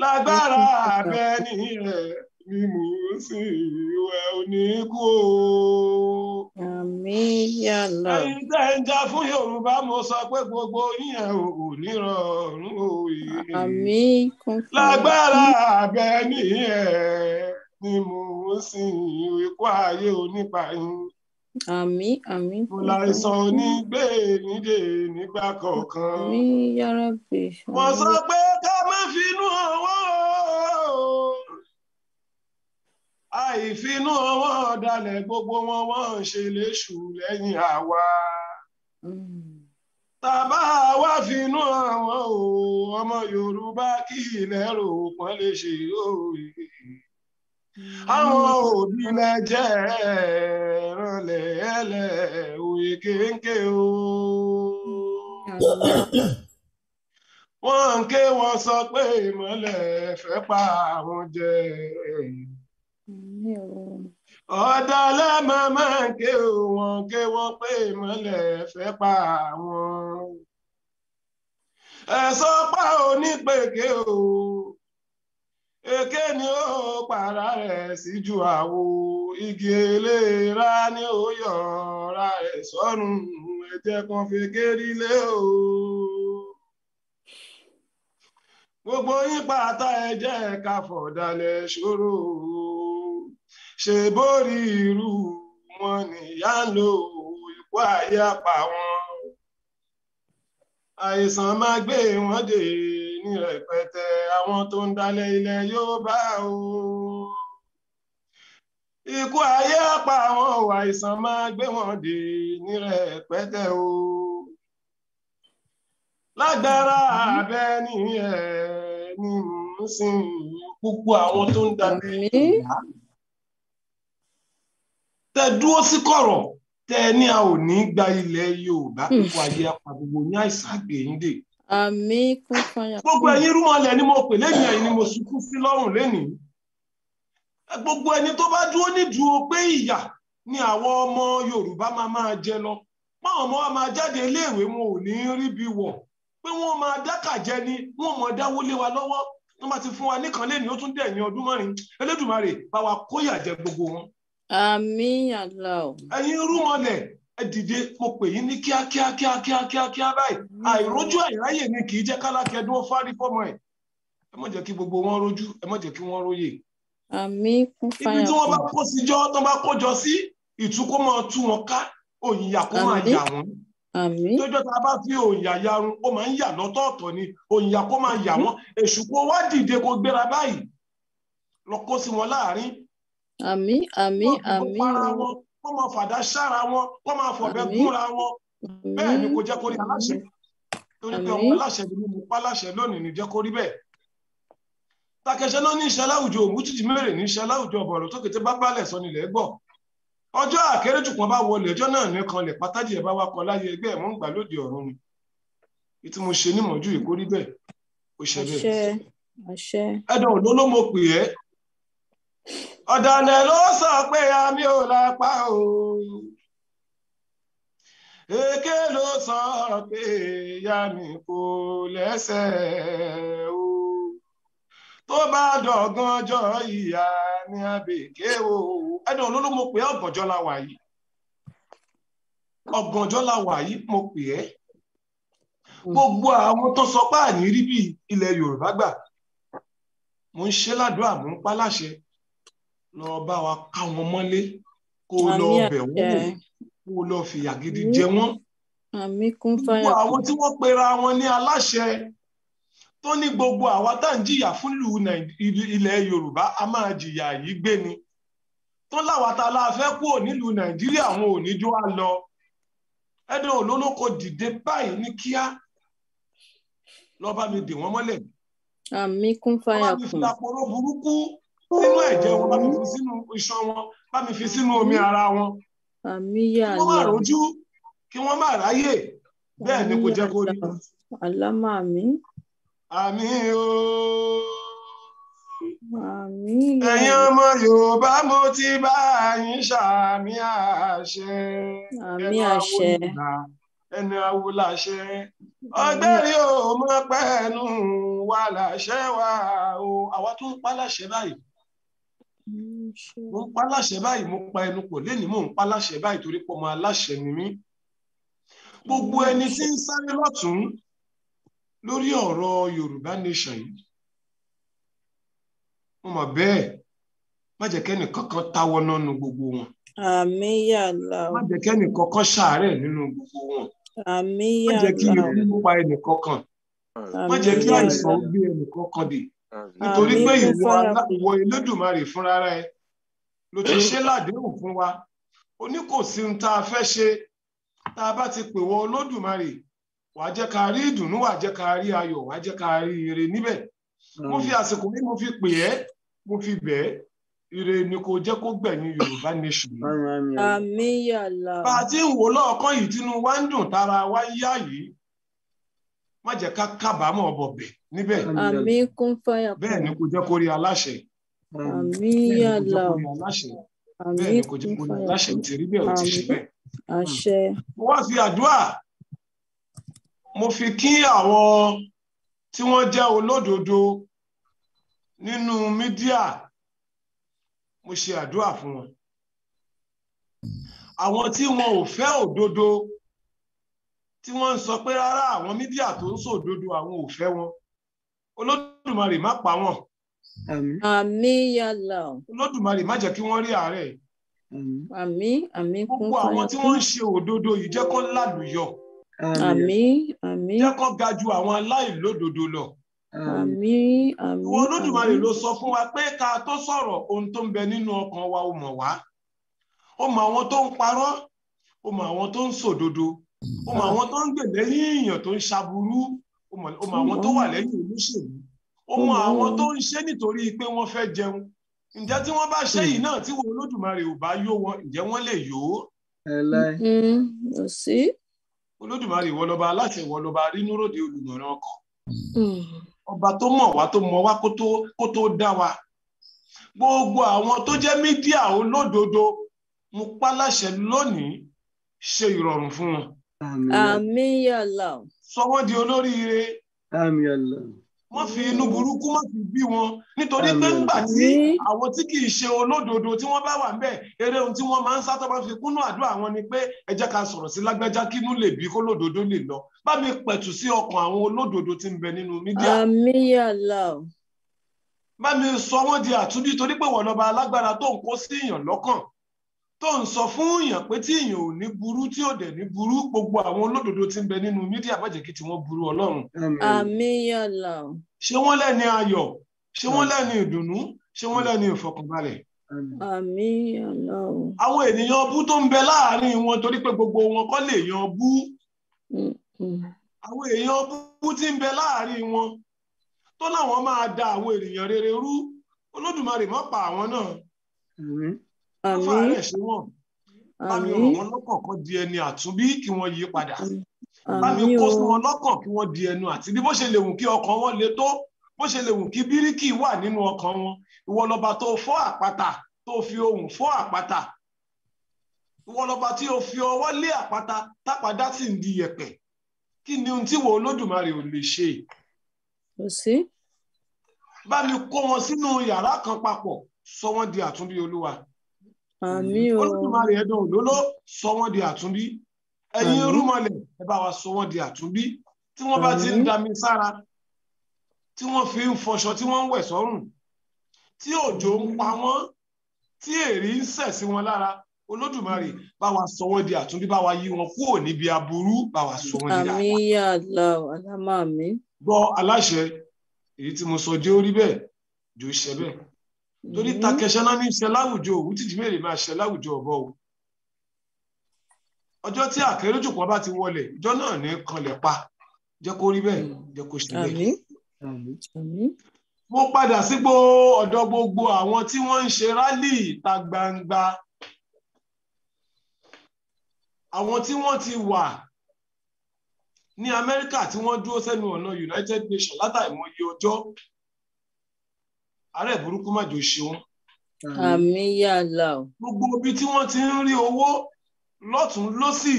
Lágbára abẹ́ni rẹ̀ bí mo sì wẹ oníkó. àmín yàrá. ẹ̀yin tẹ́ fún yorùbá mo sọ pé gbogbo yín ò ní rọrùn òye. àmín kún fún mi. lágbára abẹ nìyẹn ni mo sì ikú ayé onípààyàn. Àmín àmín. Mo láìsàn onígbé nídè nígbà kọ̀ọ̀kan. Àmín yára bè. Mo sọ pé ìfinú wọn ọ̀dàlẹ̀ gbogbo wọn wọ́n ń ṣe léṣù lẹ́yìn àwa. tàbá wá finú àwọn o ọmọ Yorùbá kí ilẹ̀ rò pọ́n lè ṣe òye. àwọn òbí lẹ jẹ́ ẹ̀rànlẹ̀ ẹ̀lẹ̀ òye kéńké o. wọ́n ń ké wọ́n sọ pé ìmọ̀lẹ̀ fẹ́ pa àwọn jẹ́ ẹ̀yìn ọ̀dà lẹ́mọ̀ máa ń ké wọn ké wọ́n pé ìmọ̀lẹ̀ fẹ́ pa àwọn. ẹ̀sọ́ pa onípèké o èké ni ó para rẹ̀ sí ju àwo igi eléra ni ó yọ ọ̀ra rẹ̀ sọ́nù ẹ̀jẹ̀ kan fi kérí lé o gbogbo yín pátá ẹ̀jẹ̀ ká fọ̀dálẹ̀ ṣòro o ṣe bórí irú wọn nìyá ń lo ikú ayé apá wọn àìsàn máa gbé wọn dé ní rẹpẹtẹ àwọn tó ń dalẹ̀ ilẹ̀ Yorùbá o ikú ayé apá àwọn ò àìsàn máa gbé wọn dé ní rẹpẹtẹ o lágbára abẹ ní ní sín púpọ̀ àwọn tó ń dalẹ̀ Yorùbá tẹ dúró sí kọ̀rọ̀ tẹ ní a ò ní gba ilẹ̀ Yorùbá kíkọ hmm. ayé apàdùwò ní àìsàn àgbèyìndè. àmì kún fọyà. gbogbo ẹ̀yin rúmọlẹ̀ ni mo pè lẹ́yìn ẹ̀yin ni mo sunkún sí lọ́rùn lẹ́nìí. gbogbo ẹni tó bá dúró nídùú pé ìyà ni àwọn ọmọ Yorùbá máa máa jẹ lọ báwọn ọmọ wa máa jáde iléèwé wọn ò ní ríbi wọ̀ pé wọ́n máa dákàjẹ ni wọ́n mọ̀ dáwó lé wa lọ́wọ́ wọ́n bá ti fún wa nìkan lẹ́nu ó tún dẹ̀ ní ọdún mọ́rin Elédùmarè bá wa kóyà jẹ gbogbo wọn àmín àlá o. ẹ̀yin rúmọlẹ̀ ẹ dìde mo pè yín ní kíákíá kíákíá kíákíá báyìí àìrójú àìráyè ni kì í jẹ́ kálákì ẹdún ó fárí fọ́mọ ẹ̀ ẹ má jẹ́ kí gbogbo wọn rójú ẹ má jẹ́ kí wọ́n róye. àmín kú fáyà fún mi. ibi tí wọ́n bá kó sí jọ tó bá kó jọ sí ìtukọ́ máa tú wọn ká òyìnyà kó máa yà wọ́n lọ́jọ́ tá a bá fi òyìnyà yarun ó máa ń yà lọ́tọ̀ọ̀tọ̀ ni òyìnyà kó máa yà wọ́n èṣù kó wá dìde kó gbéra báyìí lọ kó sí wọn láàrin àmì àmì àmì wọ́n máa fàdá sára wọn wọ́n máa fọ̀bẹ gúnra wọn bẹ́ẹ̀ ni kò jẹ́ kó rí aláṣẹ torí pé ọmọ aláṣẹ ni mo pa aláṣẹ lónìí ni jẹ́ kó rí bẹ́ẹ̀ takẹsẹ náà ní iṣẹ́ láwùjọ òmùtìtì mẹ́rin ní iṣẹ́ láwùjọ ọ̀bọ̀rọ̀ tó kété bá balẹ̀ sọ nílẹ̀ gbọ́ ọjọ́ àkérèjù bá wọlé ọjọ́ náà nìkan lè pátájì ẹ̀ bá wa kọ láyé ẹgbẹ́ ẹ̀ mọ́ ń gbà lóde ọ̀run ni ìtí mo ṣe nímọ̀jú ìkórí bẹ́ẹ̀ ó ṣe bẹ́ẹ̀ òdó ló mo pè ẹ́ ọ̀dànà ló sọ pé àmì ò lápá o èké ló sọ pé ìyá mi kò lẹ́sẹ̀ o tó bá dọ̀gànjọ́ ìyá ní àbèké o ẹ̀dùn olólùmọ̀ pé ọ̀gànjọ́ la wà yìí ọ̀gànjọ́ la wà yìí mo pè ẹ́ gbogbo àwọn tó sọ pé àní ilẹ̀ Yorùbá gbà mo ń ṣe ládùúgbò àmúpá lọ bá wa ká wọn mọ́lé kó lọ bẹ̀ wò kó lọ fìyà gidi jẹ wọ́n. gbogbo àwọn tí wọ́n pera wọn ní aláṣẹ tó ní gbogbo àwa tá à ń jìyà fún ilẹ̀ Yorùbá a máa jìyà yìí gbé ni tó láwa ta la fẹ́ kúrò nílùú Nàìjíríà àwọn ò ní jó a lọ ẹdùn olólùkọ dìde báyìí ní kíá lọ mi dè wọ́n mọ́lẹ̀. àmì kún fáyà kùn. wọ́n mi fi àpòrò burúkú sínú oh. ẹ̀jẹ̀ wọn bá mi fi sínú iṣan wọn bá mi fi sínú omi mm. ara wọn. kí wọ́n má rojú kí wọ́n má ráyè bẹ́ẹ̀ ni kò jẹ́ kó rí. àlámà mi. àmì ooo. Ẹ̀yin ọmọ Yorùbá mo ti bá yín ṣàmì àṣẹ. Àmì àṣẹ. Ẹni awo làṣẹ. Ọgbẹ́rì ò mọ pẹ́ẹ́nu wa làṣẹ wa o. Àwa tún pa láṣẹ báyìí mo ń pa láṣẹ báyìí mo pa ẹnu pọ̀ lẹ́ni mo ń pa láṣẹ báyìí torí pọ̀ mọ́ aláṣẹ ni mí gbogbo ẹni tí ń sáré lọ́tún lórí ọ̀rọ̀ Yorùbá nation yìí mo mọ̀ bẹ́ẹ̀ má jẹ́ kẹ́ni kankan táwọ́ náà nu gbogbo wọn. àmín yà láwù. má jẹ́ kẹ́ni kankan ṣàárẹ̀ nínú gbogbo wọn. àmín yà láwù. má jẹ́ kí irú pa ẹnì kankan. má jẹ́ kí àìsàn gbé ẹnì kankan dè. Ah, nítorí pé ìwọ elédùnmarè fúnra rẹ ló ti ṣe ládéhùn fún wa ó ní kò sí ohun tá a fẹ́ ṣe tá a bá ti pè wọ olódùmarè wàá jẹ́ ká rí ìdùnnú wàá jẹ́ ká rí ayọ̀ wàá jẹ́ ká rí ire níbẹ̀ mo fi àsìkò mi mo fi pè ẹ́ mo fi bẹ̀ ẹ́ ire ni kò jẹ́ kó gbẹ̀yìn yorùbá nation. àmín yàrá. bá a ti ń wò lọ́ọ̀kan yìí tínú wa ń dùn tára wa yá yìí má jẹ́ ká kábàámọ̀ ọbọ̀ bẹ̀ níbẹ̀. àmín kún fáyà. bẹ́ẹ̀ ni kò jẹ́ kó rí aláṣẹ. àmín yàlá o àmín kún fáyà. aláṣẹ ti rí bẹ́ẹ̀ o ti ṣe bẹ́ẹ̀. àṣẹ. Hmm. mo wá fi àdúrà mo fi kí àwọn tí wọ́n jẹ́ olódodo nínú mídíà mo ṣe àdúrà fún wọn. àwọn tí wọn ò fẹ́ òdodo tí wọ́n ń sọ pé rárá àwọn mídíà tó ń sòdodo àwọn ò fẹ́ wọn olódùmarè má pa wọ́n. àmín yàlá. olódùmarè má jẹ́ kí wọ́n rí àárẹ̀. àmín àmín kún fún gbogbo àwọn tí wọ́n ń ṣe òdodo yìí jẹ́ kó lálùyọ. àmín àmín. jẹ́ kó ga ju àwọn aláìlódodo lọ. àmín àmín. ìwọ olódùmarè ló sọ fún wa pé ká tó sọ̀rọ̀ ohun tó ń bẹ nínú ọkàn wa ó mọ̀ wá ó mọ̀ àwọn tó ń parọ́ ó mọ̀ àwọn tó ń sòdodo ó mọ àwọn tó ń gbè lẹ́yìn èèyàn tó ń ṣaburú ó mọ àwọn tó wà lẹ́yìn olóṣèlú ó mọ àwọn tó ń ṣe nítorí pé wọ́n fẹ́ jẹun ǹjẹ́ tí wọ́n bá ṣe yìí náà tí wọn olódùmarè ò bá yó wọn ǹjẹ́ wọ́n lè yó. Mm-hmm. olódùmarè ìwọ lọba aláṣẹ ìwọ lọba rínúròde olùmọ̀ràn ọkàn mm-hmm. ọba tó mọ̀ wá tó mọ̀ wá kó tó dá wa gbogbo àwọn tó jẹ́ mídíà olódodo mo pa lónìí ṣe ìrọ̀rùn fún wọn. Àmín ya Allah. di olóríire. Àmín ya Allah. Wọ́n fi inú burúkú má fi bí wọn nítorí pé ńgbà tí àwọn tí kì í ṣe olódodo tí wọ́n bá wà ń bẹ̀ eré ohun tí wọ́n máa ń sátọ́ bá fi kúnnú àdúrà wọn ni pé ẹ jẹ́ ká sọ̀rọ̀ sí lágbájá kínú lè bí kó lódodo lè lọ. Bá mi pẹ̀tù sí ọkàn àwọn olódodo tí ń bẹ nínú mídíà. Àmín ya bá mi sọ wọ́n di àtúndí torí pé wọ́n lọ́ba alágbára tó ń kó sí èèyàn lọ́kàn tó ń sọ fún èèyàn pé tí èèyàn ò ní burú tí ò dẹ̀ ní burú gbogbo àwọn olódodo tí ń bẹ nínú mídíà bàjẹ́kì tí wọ́n burú ọlọ́run. àmín yọlọ. ṣé wọ́n lẹ́ni ayọ̀ ṣé wọ́n lẹ́ni ìdùnnú ṣé wọ́n lẹ́ni ìfọkànbalẹ̀. àmín yọlọ. àwọn ènìyàn ọbú tó ń bẹ láàárín wọn torí pé gbogbo wọn kọ́ lè yan ọbú. àwọn èèyàn ọbú tí ń bẹ láàárín wọn tó láwọn máa da àwọn ènìyàn rere rú Olódùmarè má pa àwọn náà àmín bámi rọ̀ wọ́n lọ́kàn kan di ẹni àtúnbí kí wọ́n yí padà bámi kó sí wọn lọ́kàn kí wọ́n di ẹnu àti bí bó ṣe lè wù kí ọkàn wọn le tó bó ṣe lè wù kí bíríkì wà nínú ọkàn wọn ìwọ lọba tó fọ́ àpáta tó fi ohùn fọ́ àpáta ìwọ lọba tí o fi ọwọ́ lé àpáta tápàdá sì ń di yẹ̀pẹ̀ kí ni ohun tí wo olódùmarè ò lè ṣe. kò sí. bámi kó wọn sínú yàrá kan papọ̀ sọ wọ́n di àtúnbí olúwa olùdùmarè ẹ̀dùn òdòdó sọ wọ́n di àtúnbí ẹ̀yin irúmọlẹ̀ ẹ bá wa sọ wọ́n di àtúnbí tí wọ́n bá ti ń dami sára tí wọ́n fi ń fọṣọ tí wọ́n ń wẹ̀ sọ́rùn tí òjò ń pa wọ́n tí èrí ń sẹ̀ sí wọn lára olódùmarè bá wa sọ wọ́n di àtúnbí bá wa yí wọn kúrò níbi aburú bá wa sọ wọ́n di àtúnbí. àmín yá Allah alámà mi. gbọ́ aláṣẹ èyí tí mo sọ jẹ́ orí bẹ́ẹ̀ jò ṣẹ bẹ́ẹ̀ torí takẹsẹ náà ní ṣe láwùjọ òwú títí mèrè máa ṣe láwùjọ ọbọ o ọjọ́ tí àkérèjòpọ̀ bá ti wọlé ìjọ náà ní kanlẹ̀ pa jẹ́ kó rí bẹ́ẹ̀ jẹ́ kó ṣe bẹ́ẹ̀. mo padà sígbó ọ̀dọ̀ gbogbo àwọn tí wọ́n ń ṣe rálì ìta gbangba àwọn tí wọ́n ti wà ní Amẹ́ríkà tí wọ́n dúró sẹ́nu ọ̀nà United Nations látàìmọye ọjọ́ àárẹ̀ burúkú má jò ṣe wọn. yà là o. gbogbo ibi tí wọ́n ti ń rí owó lọ́tún lọ́sì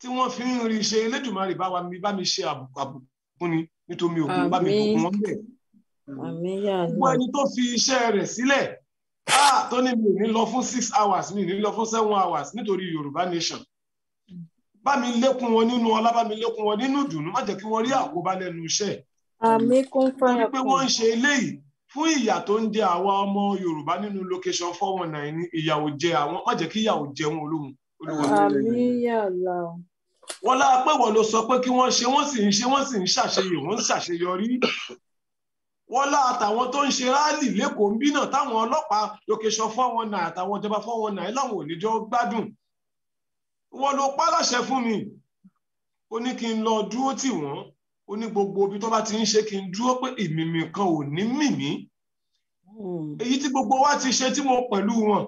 tí wọ́n fi ń rí ṣe Elédùmarè bá mi bá mi ṣe àbùkù àbùkù ni nítorí òkú bá mi gbogbo wọn bẹ̀. àmín yà là o. gbogbo ẹni tó fi iṣẹ́ rẹ̀ sílẹ̀ ah, tó ní mi ò ní lọ fún six hours mi ò ní lọ fún seven hours nítorí Yorùbá nation bá mi lékún wọn nínú ọlá bá mi lékún wọn nínú ìdùnnú má jẹ́ kí wọ́n rí àkóbá lẹ́nu iṣẹ́. àmín kún fún ẹ̀kọ́. wọ́n ní pé wọ́n ń ṣe eléyìí fún ìyà tó ń jẹ àwa ọmọ yorùbá nínú location four one nine ìyàwó jẹ àwọn má jẹ́ kí ìyàwó jẹ wọn olóhùn olúwa. wọn lára pé wọn ló sọ pé kí wọ́n ṣe wọ́n sì ń ṣe wọ́n sì ń ṣàṣeyọ wọ́n ń ṣàṣeyọrí wọn lára tàwọn tó ń ṣe ráàlì lẹ́kọ̀ọ́ ń bí táwọn ọlọ́pàá location four one nine àtàwọn ìjọba four one nine láwọn ò ní jọ gbádùn wọn ló pa fún mi ó ní kí n lọ dúró tì wọ́n ó ní gbogbo ibi tó bá ti ń ṣe kí n dúró pé ìmìmì kan ò ní mì mí hmm. èyí tí gbogbo wa ti ṣe tí mo pẹ̀lú wọn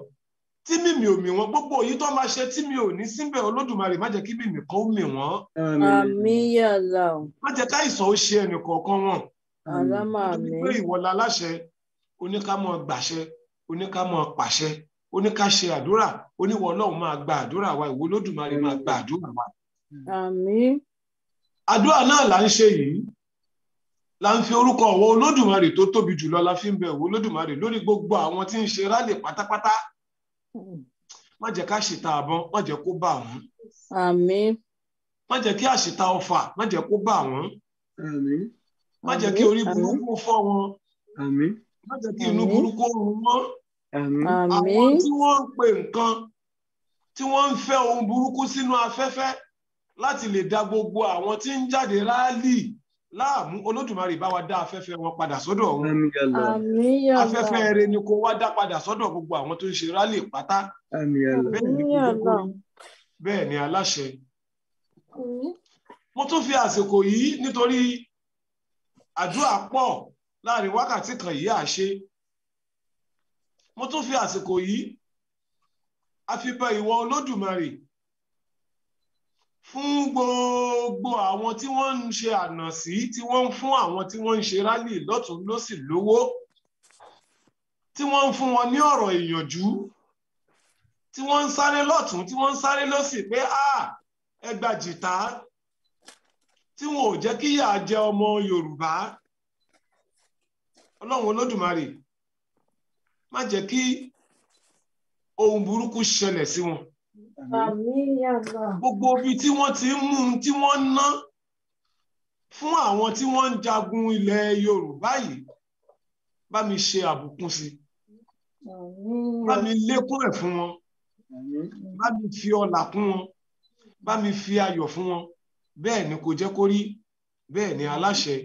tí mìmì ò mì wọn gbogbo èyí tó máa ṣe tí mi ò ní síbẹ̀ olódùmarè má jẹ́ kí mìmì kan ó mì wọ́n. àmín ya Allah. má jẹ́ káìsàn ó ṣe ẹnì kọ̀ọ̀kan wọn. àlámà mi. pé ìwọlá aláṣẹ oníkámọ gbàṣẹ oníkámọ pàṣẹ oníkáṣe àdúrà oníwọ Ọlọ́run máa gba àdúrà wa ìwọ máa gba àdúrà wa àdúrà náà là ń ṣe yìí la ń fi orúkọ ọ̀wọ́ olódùmarè tó tóbi jùlọ la fi ń bẹ̀ wò olódùmarè lórí gbogbo àwọn tí ń ṣe rálẹ̀ pátápátá má jẹ́ ká ṣìta àbọn má jẹ́ kó bá wọn. àmín. má jẹ́ kí àṣìta ọfà má jẹ́ kó bá wọn. àmín. má jẹ́ kí orí burúkú fọ́ wọn. àmín. má jẹ́ kí inú burúkú rún wọn. àmín. àwọn tí wọ́n ń pè nǹkan tí wọ́n ń fẹ́ ohun burúkú sínú afẹ́fẹ́ láti lè da gbogbo àwọn tí ń jáde ráálì láàmú olódùmarè bá wa dá afẹ́fẹ́ wọn padà sọ́dọ̀ wọn afẹ́fẹ́ rere ni kó wá dá padà sọ́dọ̀ gbogbo àwọn tó ń ṣe rálì pátá bẹ́ẹ̀ ni aláṣẹ. mo tún fi àsìkò yìí nítorí àdúrà pọ̀ láàrin wákàtí kan yìí àṣe mo tún fi àsìkò yìí a fi bẹ̀ ìwọ olódùmarè fún gbogbo àwọn tí wọ́n ń ṣe ànàsí tí wọ́n ń fún àwọn tí wọ́n ń ṣe rálì lọ́tún lọ́sì lówó tí wọ́n ń fún wọn ní ọ̀rọ̀ ìyànjú tí wọ́n ń sáré lọ́tún tí wọ́n ń sáré lọ́sì pé a ah, ẹ gba jìtá tí wọn ò jẹ́ kí ìyà jẹ ọmọ Yorùbá Ọlọ́run Olódùmarè má jẹ́ kí ohun burúkú ṣẹlẹ̀ sí wọn. Gbogbo ibi tí wọ́n ti ń mú tí wọ́n ná fún àwọn tí wọ́n ń jagun ilẹ̀ Yorùbá yìí, bá mi ṣe àbùkún sí. Bá mi lékún ẹ̀ fún wọn. Bá mi fi ọlà kún wọn. Bá mi fi ayọ̀ fún wọn. Bẹ́ẹ̀ ni kò jẹ́ kó rí. Bẹ́ẹ̀ ni aláṣẹ.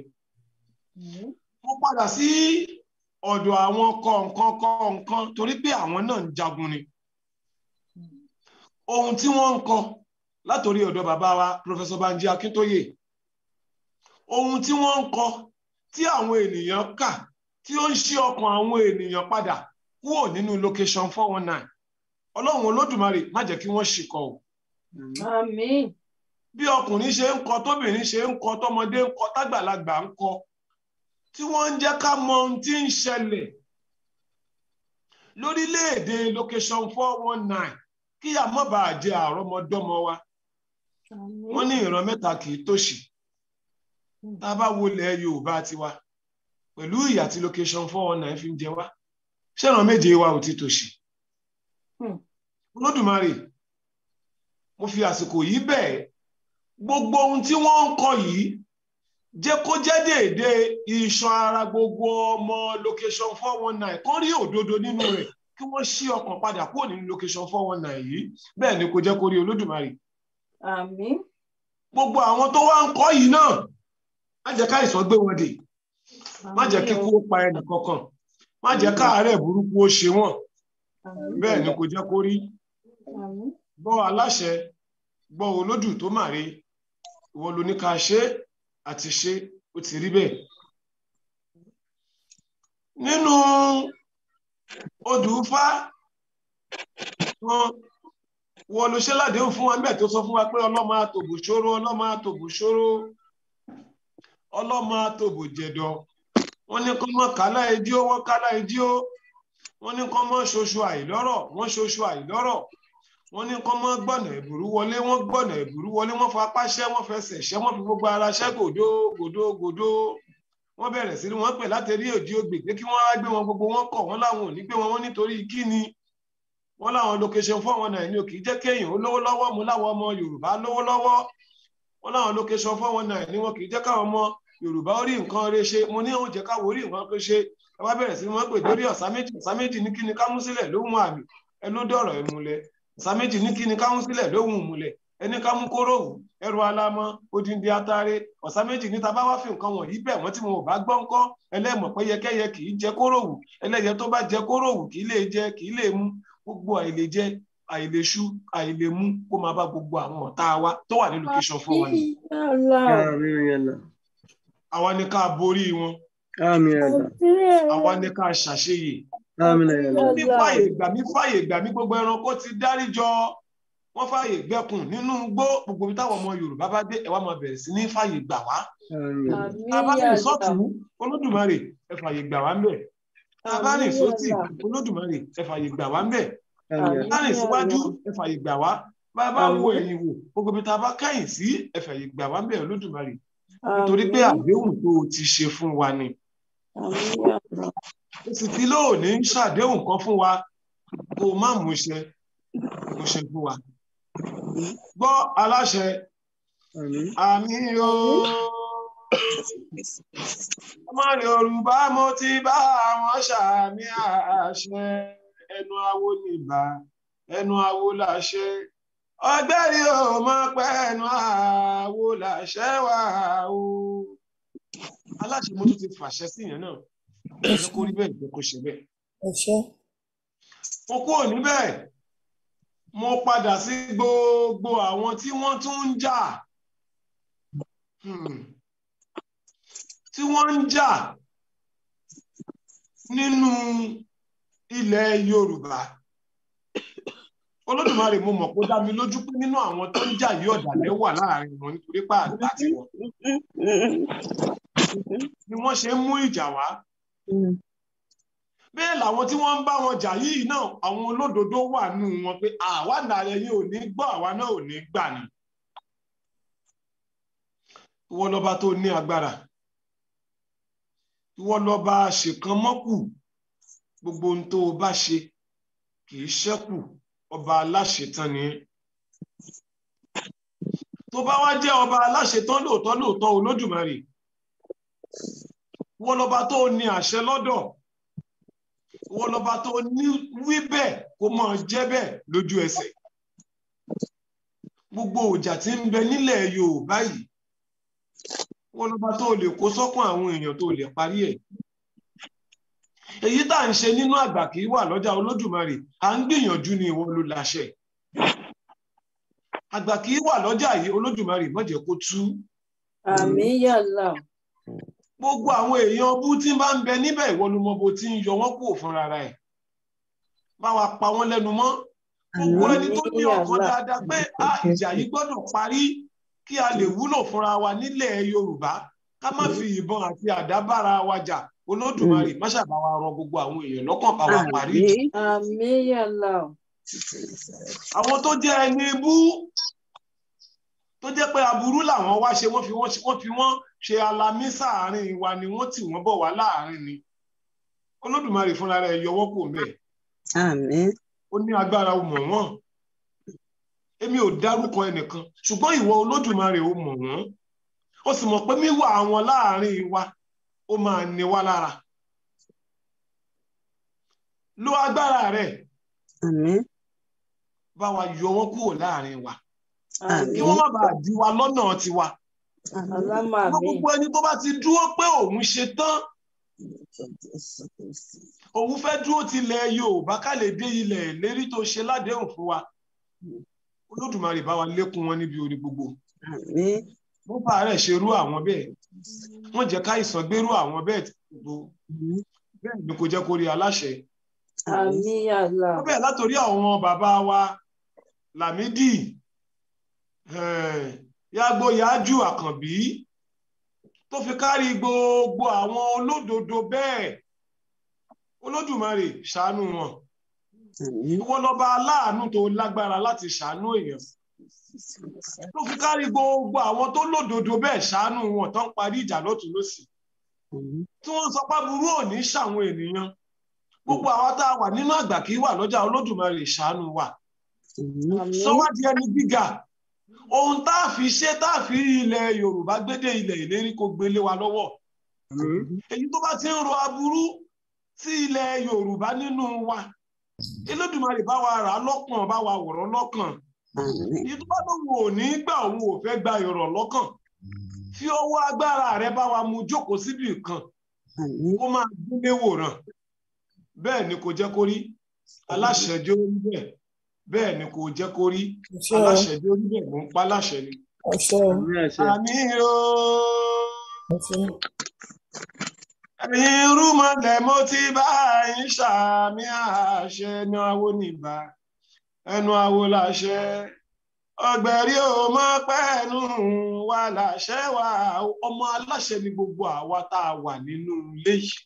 Mo padà sí ọ̀dọ̀ àwọn kọ̀ọ̀kan kọ̀ọ̀kan torí pé àwọn náà ń jagun ni. Mm -hmm ohun tí wọ́n ń kan látòrí ọ̀dọ̀ bàbá wa Professor Banji Akintoye ohun tí wọ́n ń kọ tí àwọn ènìyàn kà tí ó ń ṣí ọkàn àwọn ènìyàn padà kúrò nínú location four one nine ọlọ́run olódùmarè má jẹ́ kí wọ́n ṣìkọ̀ o. àmín. bí ọkùnrin ṣe ń kọ tóbìnrin ṣe ń kọ tọmọdé ń kọ tágbàlagbà ń kọ tí wọ́n ń jẹ́ ká mọ ohun tí ń ṣẹlẹ̀ lórílẹ̀‐èdè location four one nine kí a má bàa jẹ àrọ́mọdọ́mọ wa wọ́n ní ìran mẹ́ta kì í tòṣì hmm. tá a bá wọlẹ̀ Yorùbá tiwa pẹ̀lú ìyà tí location four one nine fi ń jẹ wá ṣẹ́ràn méje wa ò ti tòṣì hmm. olódùmarè mo fi àsìkò yìí bẹ́ẹ̀ gbogbo ohun tí wọ́n ń kọ yìí jẹ́ kó jẹ́ déédéé iṣan ara gbogbo ọmọ location four one nine kán rí òdodo nínú rẹ̀ kí wọ́n ṣí ọkàn padà kúrò nínú location four one nine yìí bẹ́ẹ̀ ni kò jẹ́ kó rí olódùmarè. àmín. gbogbo àwọn tó wá ń kọ́ yìí náà má jẹ́ ká ìsàn gbé wọn dè má jẹ́ kí kú pa ẹnì kankan má jẹ́ káàárẹ̀ burúkú ó ṣe wọ́n bẹ́ẹ̀ ni kò jẹ́ kó rí. gbọ́ aláṣẹ gbọ́ olódù tó màre ìwọ ló ní ká ṣe àti ṣe ó ti rí bẹ́ẹ̀. nínú. No odù Ifá wọn ló ṣe ládéhùn fún wa níbẹ̀ tó sọ fún wa pé ọlọ́mọ àtòbò ṣòro ọlọ́mọ àtòbò ṣòro ọlọ́mọ àtòbò jẹ̀dọ̀ wọ́n ní kọ́ mọ́ kálá ìdí ó wọ́n kálá ìdí ó wọ́n ní kọ́ mọ́ ṣoṣo àìlọ́rọ̀ wọ́n ṣoṣo àìlọ́rọ̀ wọ́n ní kọ́ mọ́ gbọ̀nà ìbùrú wọlé wọ́n gbọ̀nà ìbùrú wọlé wọ́n fapá ṣẹ́ wọ́n fẹsẹ̀ ṣẹ́ wọ́n fi gbogbo ara ṣẹ́ gòdó gòdó gòdó wọ́n bẹ̀rẹ̀ sí wọ́n pẹ̀ látẹ̀rí òdi ògbè pé kí wọ́n á gbé wọn gbogbo wọn kọ̀ wọ́n láwọn ò ní gbé wọn wọ́n nítorí kí ni wọ́n láwọn location fún àwọn nàìjíríà kì í jẹ́ kéèyàn ó lówó lọ́wọ́ láwọn ọmọ yorùbá lówó lọ́wọ́ wọ́n láwọn location fún àwọn nàìjíríà wọn kì í jẹ́ káwọn ọmọ yorùbá ó nǹkan rẹ ṣe mo ní oúnjẹ káwọn ó rí nǹkan rẹ ṣe ẹ wá bẹ̀rẹ̀ sí wọ́n pè lórí ọ̀sá méjì ọ̀sá méjì ní kíni kámúsílẹ̀ lóhùn àmì ẹ ló dọ̀rọ̀ ìmùlẹ̀ ọ̀sá méjì ní kíni kámúsílẹ̀ lóhùn ìmùlẹ̀ ẹni ká mú kóró wù ẹrù alámọ odindi atare ọ̀sán méjì níta bá wá fi nǹkan wọ̀nyí bẹ̀ wọ́n tí mo bá gbọ́ ńkọ́ ẹlẹ́mọ̀ pé yẹkẹ́yẹ kì í jẹ kóró wù ẹlẹ́yẹ tó bá jẹ kóró wù kì í lè jẹ kì í lè mu gbogbo àìlè jẹ àìlè ṣú àìlè mú kó máa bá gbogbo àwọn ọ̀tá wa tó wà ní location fún wọn. àwa ni ká borí wọn àwa ni ká ṣàṣeyè. mi fàyè gbà mí fàyè gbà mí gbogbo ẹranko ti dáríjọ wọ́n fààyè gbẹ́kùn nínú gbó gbogbo ibi táwọn ọmọ Yorùbá bá dé ẹ̀wá máa bẹ̀rẹ̀ sí ní fààyè gbà wá. abáyé sọ́tù Olódùmarè ẹ fààyè gbà wá ńbẹ̀. abáyé sọ́tì Olódùmarè ẹ fààyè gbà wá ńbẹ̀. abáyé síwájú ẹ fààyè gbà wá. bàbá wo ẹ̀yìn wò gbogbo ibi tá a bá kẹ́yìn sí ẹ fààyè gbà wá ńbẹ̀ Olódùmarè. nítorí pé àdéhùn tó o ti ṣe fún wa ni. o sì ti lóòní ṣàdéhùn kan fún wa kó o má mú iṣẹ́ kó o ṣe fún wa gbọ́ aláṣẹ àmín o ọmọ Yorùbá mo ti bá àwọn ṣàmì àṣẹ ẹnu awo nìbà ẹnu awo làṣẹ ọgbẹ́rì ò mọ pẹ́ ẹnu awo làṣẹ wà o aláṣẹ mo tún ti fàṣẹ sí yẹn náà ẹ kó rí bẹ́ẹ̀ kó ṣe bẹ́ẹ̀. mo kúrò níbẹ̀ mo padà sí gbogbo àwọn tí wọ́n tún ń jà hmm. tí wọ́n ń jà nínú ilẹ̀ Yorùbá Olódùmarè mo mọ̀ kó dá mi lójú pé nínú àwọn tó ń jà yóò dàlẹ́ wà láàrin wọn nítorí pé àgbà tiwọn ni wọ́n ṣe ń mú ìjà wá hmm bẹ́ẹ̀ làwọn tí wọ́n ń bá wọn jà yìí náà àwọn olódodo wà nù wọn pé àwa nàrẹ yìí ò ní gbọ́ àwa náà ò ní gbà ni. ìwọ lọba tó ní agbára ìwọ lọba ṣèkan mọ́kù gbogbo ohun tó o bá ṣe kì í ṣẹ́kù ọba aláṣetán ni. tó bá wá jẹ́ ọba aláṣetán lóòótọ́ lóòótọ́ Olódùmarè ìwọ lọba tó ní àṣẹ lọ́dọ̀ wọ́n lọ́ba tó ní wí bẹ́ẹ̀ kó máa jẹ́ bẹ́ẹ̀ lójú ẹsẹ̀. gbogbo ìjà tí ń bẹ nílẹ̀ Yorùbá yìí wọ́n lọ́ba tó lè kó sọ́kàn àwọn èèyàn tó lè parí ẹ̀. èyí tá à ń ṣe nínú àgbà kì í wà lọ́jà Olódùmarè à ń gbìyànjú ni ìwọ ló láṣẹ. àgbà kì í wà lọ́jà yìí Olódùmarè má kó tú. àmín yàrá gbogbo àwọn èèyàn bú tí bá ń bẹ níbẹ̀ ìwọ ló mọ bó ti ń yọ wọ́n kúrò fúnra rẹ̀ bá wa pa wọ́n lẹ́nu mọ́ gbogbo ẹni tó ní ọkàn dáadáa pé ìjà yìí gbọ́dọ̀ parí kí a lè wúlò fúnra wa nílẹ̀ Yorùbá ká má fi ìbọn àti àdá bára wa jà Olódùmarè má ṣàbá wa rọ gbogbo àwọn èèyàn lọ́kàn bá wa parí. àwọn tó jẹ́ ẹni bú tó jẹ́ pé aburú làwọn wá ṣe wọ́n fi wọ́n fi wọ́n ṣe alamísà àárín wa ni wọ́n tì wọ́n bọ̀ wá láàárín ni olódùmarè fúnra rẹ̀ yọwọ́ kò mẹ́ àmín ó ní agbára mọ̀ wọ́n èmi ò dárúkọ ẹnìkan ṣùgbọ́n ìwọ olódùmarè ò mọ̀ wọ́n ó sì mọ̀ pé wíwà àwọn láàárín wa ó máa ní wá lára lo agbára rẹ̀ àmín bá wa yọ wọ́n kúrò láàárín wa kí wọ́n má bàa di wa lọ́nà tiwa. gbogbo ẹni tó bá ti dúró pé òun ṣe tán òun fẹ́ dúró tilẹ̀ Yorùbá ká lè dé ilẹ̀ lérí tó ṣe ládéhùn fún wa Olódùmarè bá wa lékún wọn níbi orí gbogbo wọ́n bá rẹ̀ ṣerú àwọn bẹ́ẹ̀ wọ́n jẹ́ káìsàn gbérú àwọn bẹ́ẹ̀ gbogbo bẹ́ẹ̀ ni kò jẹ́ kó rí aláṣẹ. àmín Allah. wọ́n látòrí àwọn bàbá wa Lámídì yagboyaju àkànbí tó fi kárí gbogbo àwọn olódodo bẹ́ẹ̀ olódùmarè ṣàánú wọn ìwọ lọba aláàánú tó lágbára láti ṣàánú èèyàn tó fi kárí gbogbo àwọn tó lódodo bẹ́ẹ̀ ṣàánú wọn tó ń parí ìjà lọ́tún lọ́sì tí wọ́n sọ pé burú òní ṣàwọn ènìyàn gbogbo àwọn tá a wà nínú àgbà kì í wà lọ́jà olódùmarè ṣàánú wa sọ wá di ẹni gíga ohun tá a fi ṣe tá a fi rí ilẹ̀ yorùbá gbédè ilẹ̀ ìlérí kò gbélé wa lọ́wọ́ èyí tó bá ti ń ro aburú sí ilẹ̀ yorùbá nínú wa elédùnmarè bá wa rà á lọ́kàn bá wa wọ̀rọ̀ lọ́kàn èyí tó bá lóun ò ní gbà òun ò fẹ́ gba ìrọ̀ lọ́kàn fi ọwọ́ agbára rẹ bá wa mú jókòó síbi kan kó máa gbélé wòran bẹ́ẹ̀ ni kò jẹ́ kó rí aláṣẹjọ́ ń bẹ́ẹ̀ ni kò jẹ́ kó rí aláṣẹ bí orí bẹ́ẹ̀ mò ń pa láṣẹ ni. àmì ooo irúmọlẹ̀ mo ti bá yín ṣàmì àṣẹ ẹnu awo nìbà ẹnu awo làṣẹ ọgbẹ̀rí ò mọ pẹ́ẹ́nu wa làṣẹ wa ọmọ aláṣẹ ni gbogbo àwa tá a wà nínú ilé yìí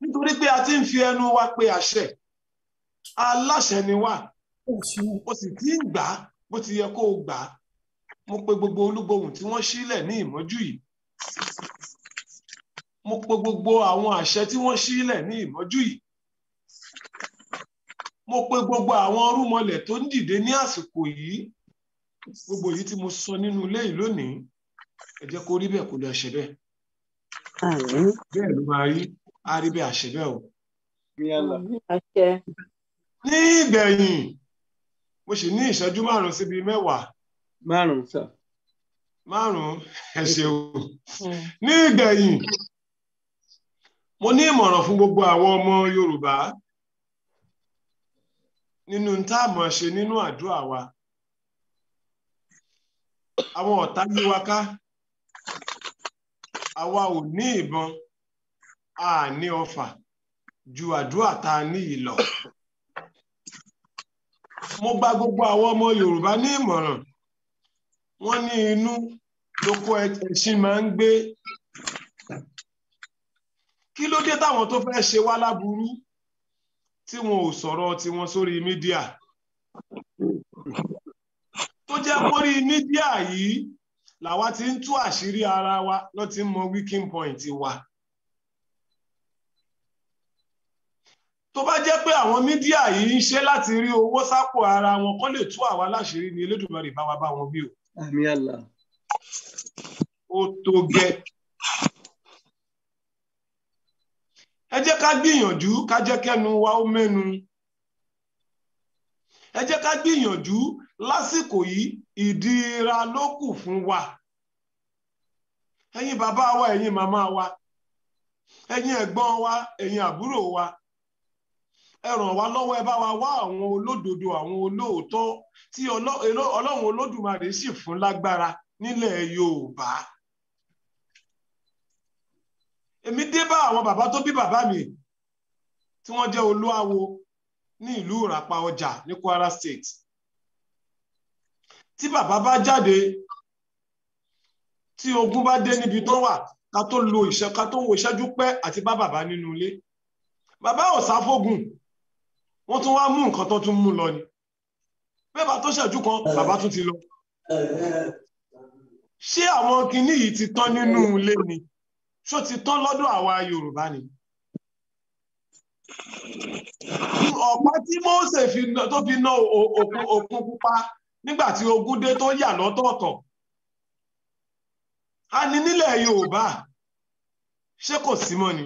nítorí pé a ti ń fi ẹnu wa pe àṣẹ aláṣẹ ni wá o sì ti ń gbà bó ti yẹ kó o gbà mo pe gbogbo olúgbòhùn tí wọ́n sílẹ̀ ní ìmọ́jú yìí mo pe gbogbo àwọn àṣẹ tí wọ́n sílẹ̀ ní ìmọ́jú yìí mo pe gbogbo àwọn rúmọlẹ̀ tó ń dìde ní àsìkò yìí gbogbo yìí tí mo sọ nínú ilé yìí lónìí ẹ jẹ́ kó rí bẹ́ẹ̀ kó lè ṣe bẹ́ẹ̀ bẹ́ẹ̀ ló máa rí a rí bẹ́ẹ̀ àṣẹ bẹ́ẹ̀ o ní ìgbẹ̀yìn mo sì ní ìṣẹ́jú márùn-ún síbi mẹ́wàá. márùn-ún sà. márùn-ún ẹ ṣeun. Hmm. ní ìgbẹ̀yìn mo ní ìmọ̀ràn fún gbogbo àwọn ọmọ Yorùbá nínú tá a mọ̀ ṣe nínú àdúrà wa àwọn ọ̀tá yí wa ká àwa ò ní ìbọn a ní ọfà ju àdúrà tá ní yìí mo gba gbogbo àwọn ọmọ Yorùbá ní ìmọ̀ràn wọ́n ní inú lóko ẹṣin máa ń gbé kí ló dé táwọn tó fẹ́ ṣe wá láburú tí wọn ò sọ̀rọ̀ tiwọn sórí mídíà tó jẹ́ kórí mídíà yìí làwa ti ń tú àṣírí ara wa ló ti ń mọ weaking point wa. tó bá jẹ́ pé àwọn mídíà yìí ń ṣe láti rí owó sápò ara wọn kó lè tú àwa láṣìírí ni Elédùmarè bá wa bá wọn bí o. àmín Allah. ó tó gẹ́. ẹ jẹ́ ká gbìyànjú ká jẹ́ kẹ́nu wa ó mẹ́nu ẹ jẹ́ ká gbìyànjú lásìkò yìí ìdíra ló kù fún wa ẹ̀yin bàbá wa ẹ̀yin màmá wa ẹ̀yin ẹ̀gbọ́n wa ẹ̀yin àbúrò wa ẹ ràn wá lọ́wọ́ ẹ bá wa wá àwọn olódodo àwọn olóòótọ́ tí ọlọ́run olódùmarè sì fún lágbára nílẹ̀ yorùbá èmi dé bá àwọn bàbá tó bí bàbá mi tí wọ́n jẹ́ olúawo ní ìlú ìràpá ọjà ní kwara state tí bàbá bá jáde tí ogun bá dé níbi tó wà ká tó lo ìṣẹ́ ká tó wo ìṣẹ́jú pẹ́ àti bá bàbá nínú ilé bàbá ò sáfógùn wọ́n tún wá mú nǹkan tó tún mú lọ ni bẹ́ẹ̀ bá tó ṣẹ́jú kan bàbá tún ti lọ ṣé àwọn kinní yìí ti tán nínú ilé ni ṣó ti tán lọ́dọ̀ àwa Yorùbá ni ọ̀pá tí Mósè tó fi ná òkun pupa nígbà tí ogun dé tó yà lọ́tọ̀ọ̀tọ̀ a ní nílẹ̀ Yorùbá ṣé kò sí mọ́ ni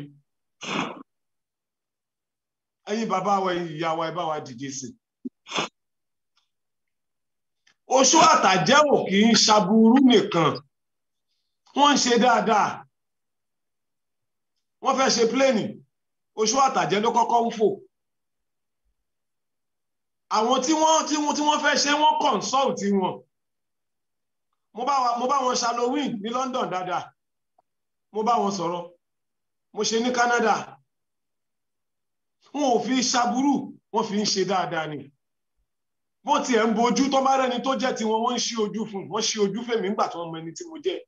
ẹ̀yin bàbá wa ẹ̀yin ìyá wa ẹ bá wa dìde sí i. oṣó àtàjẹ́wò kì í ṣaburú nìkan wọ́n ń ṣe dáadáa wọ́n fẹ́ ṣe pléènì oṣó àtàjẹ́ ló kọ́kọ́ ń fò àwọn tí wọ́n tí wọ́n tí wọ́n fẹ́ ṣe wọ́n consult wọn mo bá mo bá wọn ṣàlówìn ní London dáadáa mo bá wọn sọ̀rọ̀ mo ṣe ní Canada wọn ò fi ṣaburú wọn fi ń ṣe dáadáa ni wọ́n tiẹ̀ ń bojú tó bá rẹ́ni tó jẹ́ tiwọn wọ́n ń ṣí ojú fún wọ́n ṣí ojú fèmí ńgbà tí wọ́n mọ ẹni tí mo jẹ́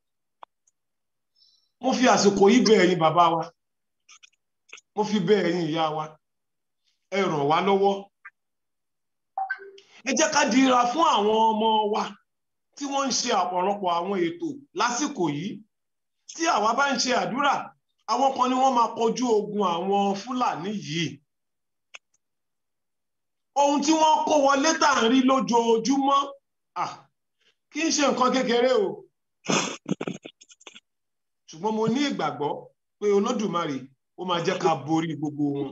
mo fi àsìkò yìí bẹ̀ ẹ̀yin bàbá wa mo fi bẹ̀ ẹ̀yin ìyá wa ẹ ràn wá lọ́wọ́ ẹ jẹ́ ká dira fún àwọn ọmọ wa tí wọ́n ń ṣe ọ̀pọ̀lọpọ̀ àwọn ètò lásìkò yìí tí àwa bá ń ṣe àdúrà àwọn kan ni wọ́n máa kọjú ogun àwọn Fúlàní yìí ohun tí wọ́n kó wọlé tà ń rí lójoojúmọ́ ah, kì í ṣe nǹkan kékeré o ṣùgbọ́n mo ní ìgbàgbọ́ pé olódùmarè ó máa jẹ́ ká borí gbogbo wọn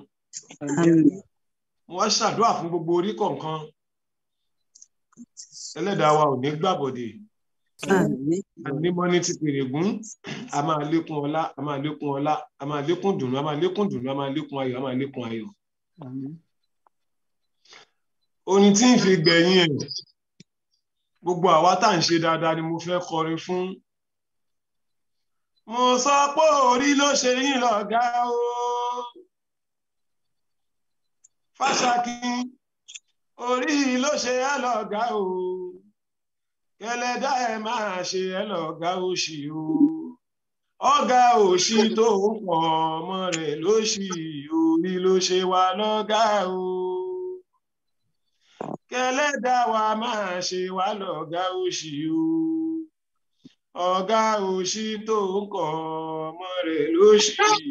mo wá ṣàdúrà fún gbogbo orí kọ̀ọ̀kan ẹlẹ́dàá wa ò ní gbàbọ̀dè ànímọ́ni ti pèrègún a máa lékún ọlá a máa lékún ọlá a máa lékún dùnú a máa lékún dùnú a máa lékún ayọ̀ a máa lékún ayọ̀ oní tí ń fi gbẹ̀yìn ẹ̀ gbogbo àwa tá à ń ṣe dáadáa ni mo fẹ́ kọrin fún. mo sọ pé orí ló ṣe yín lọ́gá o fàṣàkì orí ló ṣe ẹ́ lọ́gá o kẹlẹ́dá ẹ máa ṣe ẹ́ lọ́gá òṣì o ọ̀gá òṣì tó ń pọ̀ ọmọ rẹ̀ ló ṣì orí ló ṣe wá lọ́gá o kẹlẹ́dà wa máa ṣe wá lọ́gá òṣì o ọ̀gá òṣì tó ń kọ́ ọmọ rẹ̀ lóṣì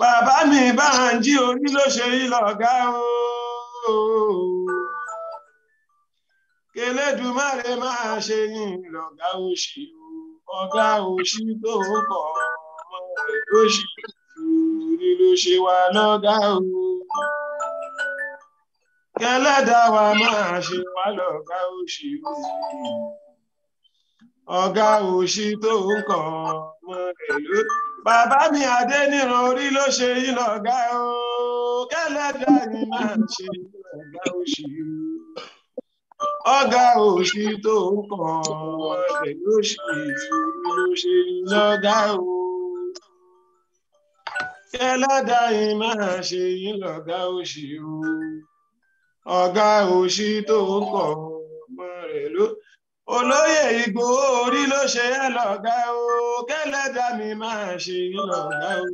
bàbá mi bá ń jí orí ló ṣe yí lọ́gá o kẹlẹ́dùmarè máa ṣe yín lọ́gá òṣì o ọ̀gá òṣì tó ń kọ́ ọmọ rẹ̀ lóṣì orí ló ṣe wá lọ́gá o kẹlẹ́dà wa máa ṣe wá lọ́gá òṣì ọ̀gá òṣì tó ń kọ̀ ọmọ rẹ̀ ló bàbá mi adé níran orí ló ṣe yí lọ́gá o kẹlẹ́dà ni máa ṣe lọ́gá òṣì ọ̀gá òṣì tó ń kọ̀ ọmọ rẹ̀ ló ṣe yí lọ́gá o kẹlẹ́dà yìí máa ṣe yí lọ́gá òṣì o ọ̀gá òṣì tó ń kọ̀ ọmọ rẹ̀ ló olóyè Ìgbòho orí ló ṣe é lọ́gá o kẹ́lẹ́dà mi máa ṣe é lọ́gá o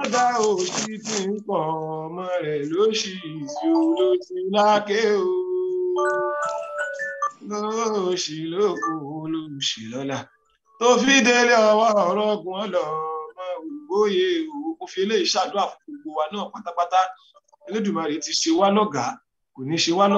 ọ̀gá òṣì tí ń pọ̀ ọmọ rẹ̀ ló ṣì sí o ló o lóòṣì ló kó olóòṣì lọ́la tó fi délé ọwọ́ ọ̀rọ̀ ọ̀gùn ọ̀lọ́ ọmọ ògbóyè òkú fi lè ṣàdúrà fún gbogbo wa náà pátápátá. Elédùmarè ti ṣe wá lọ́gàá kò ní ṣe wá lọ́gàá.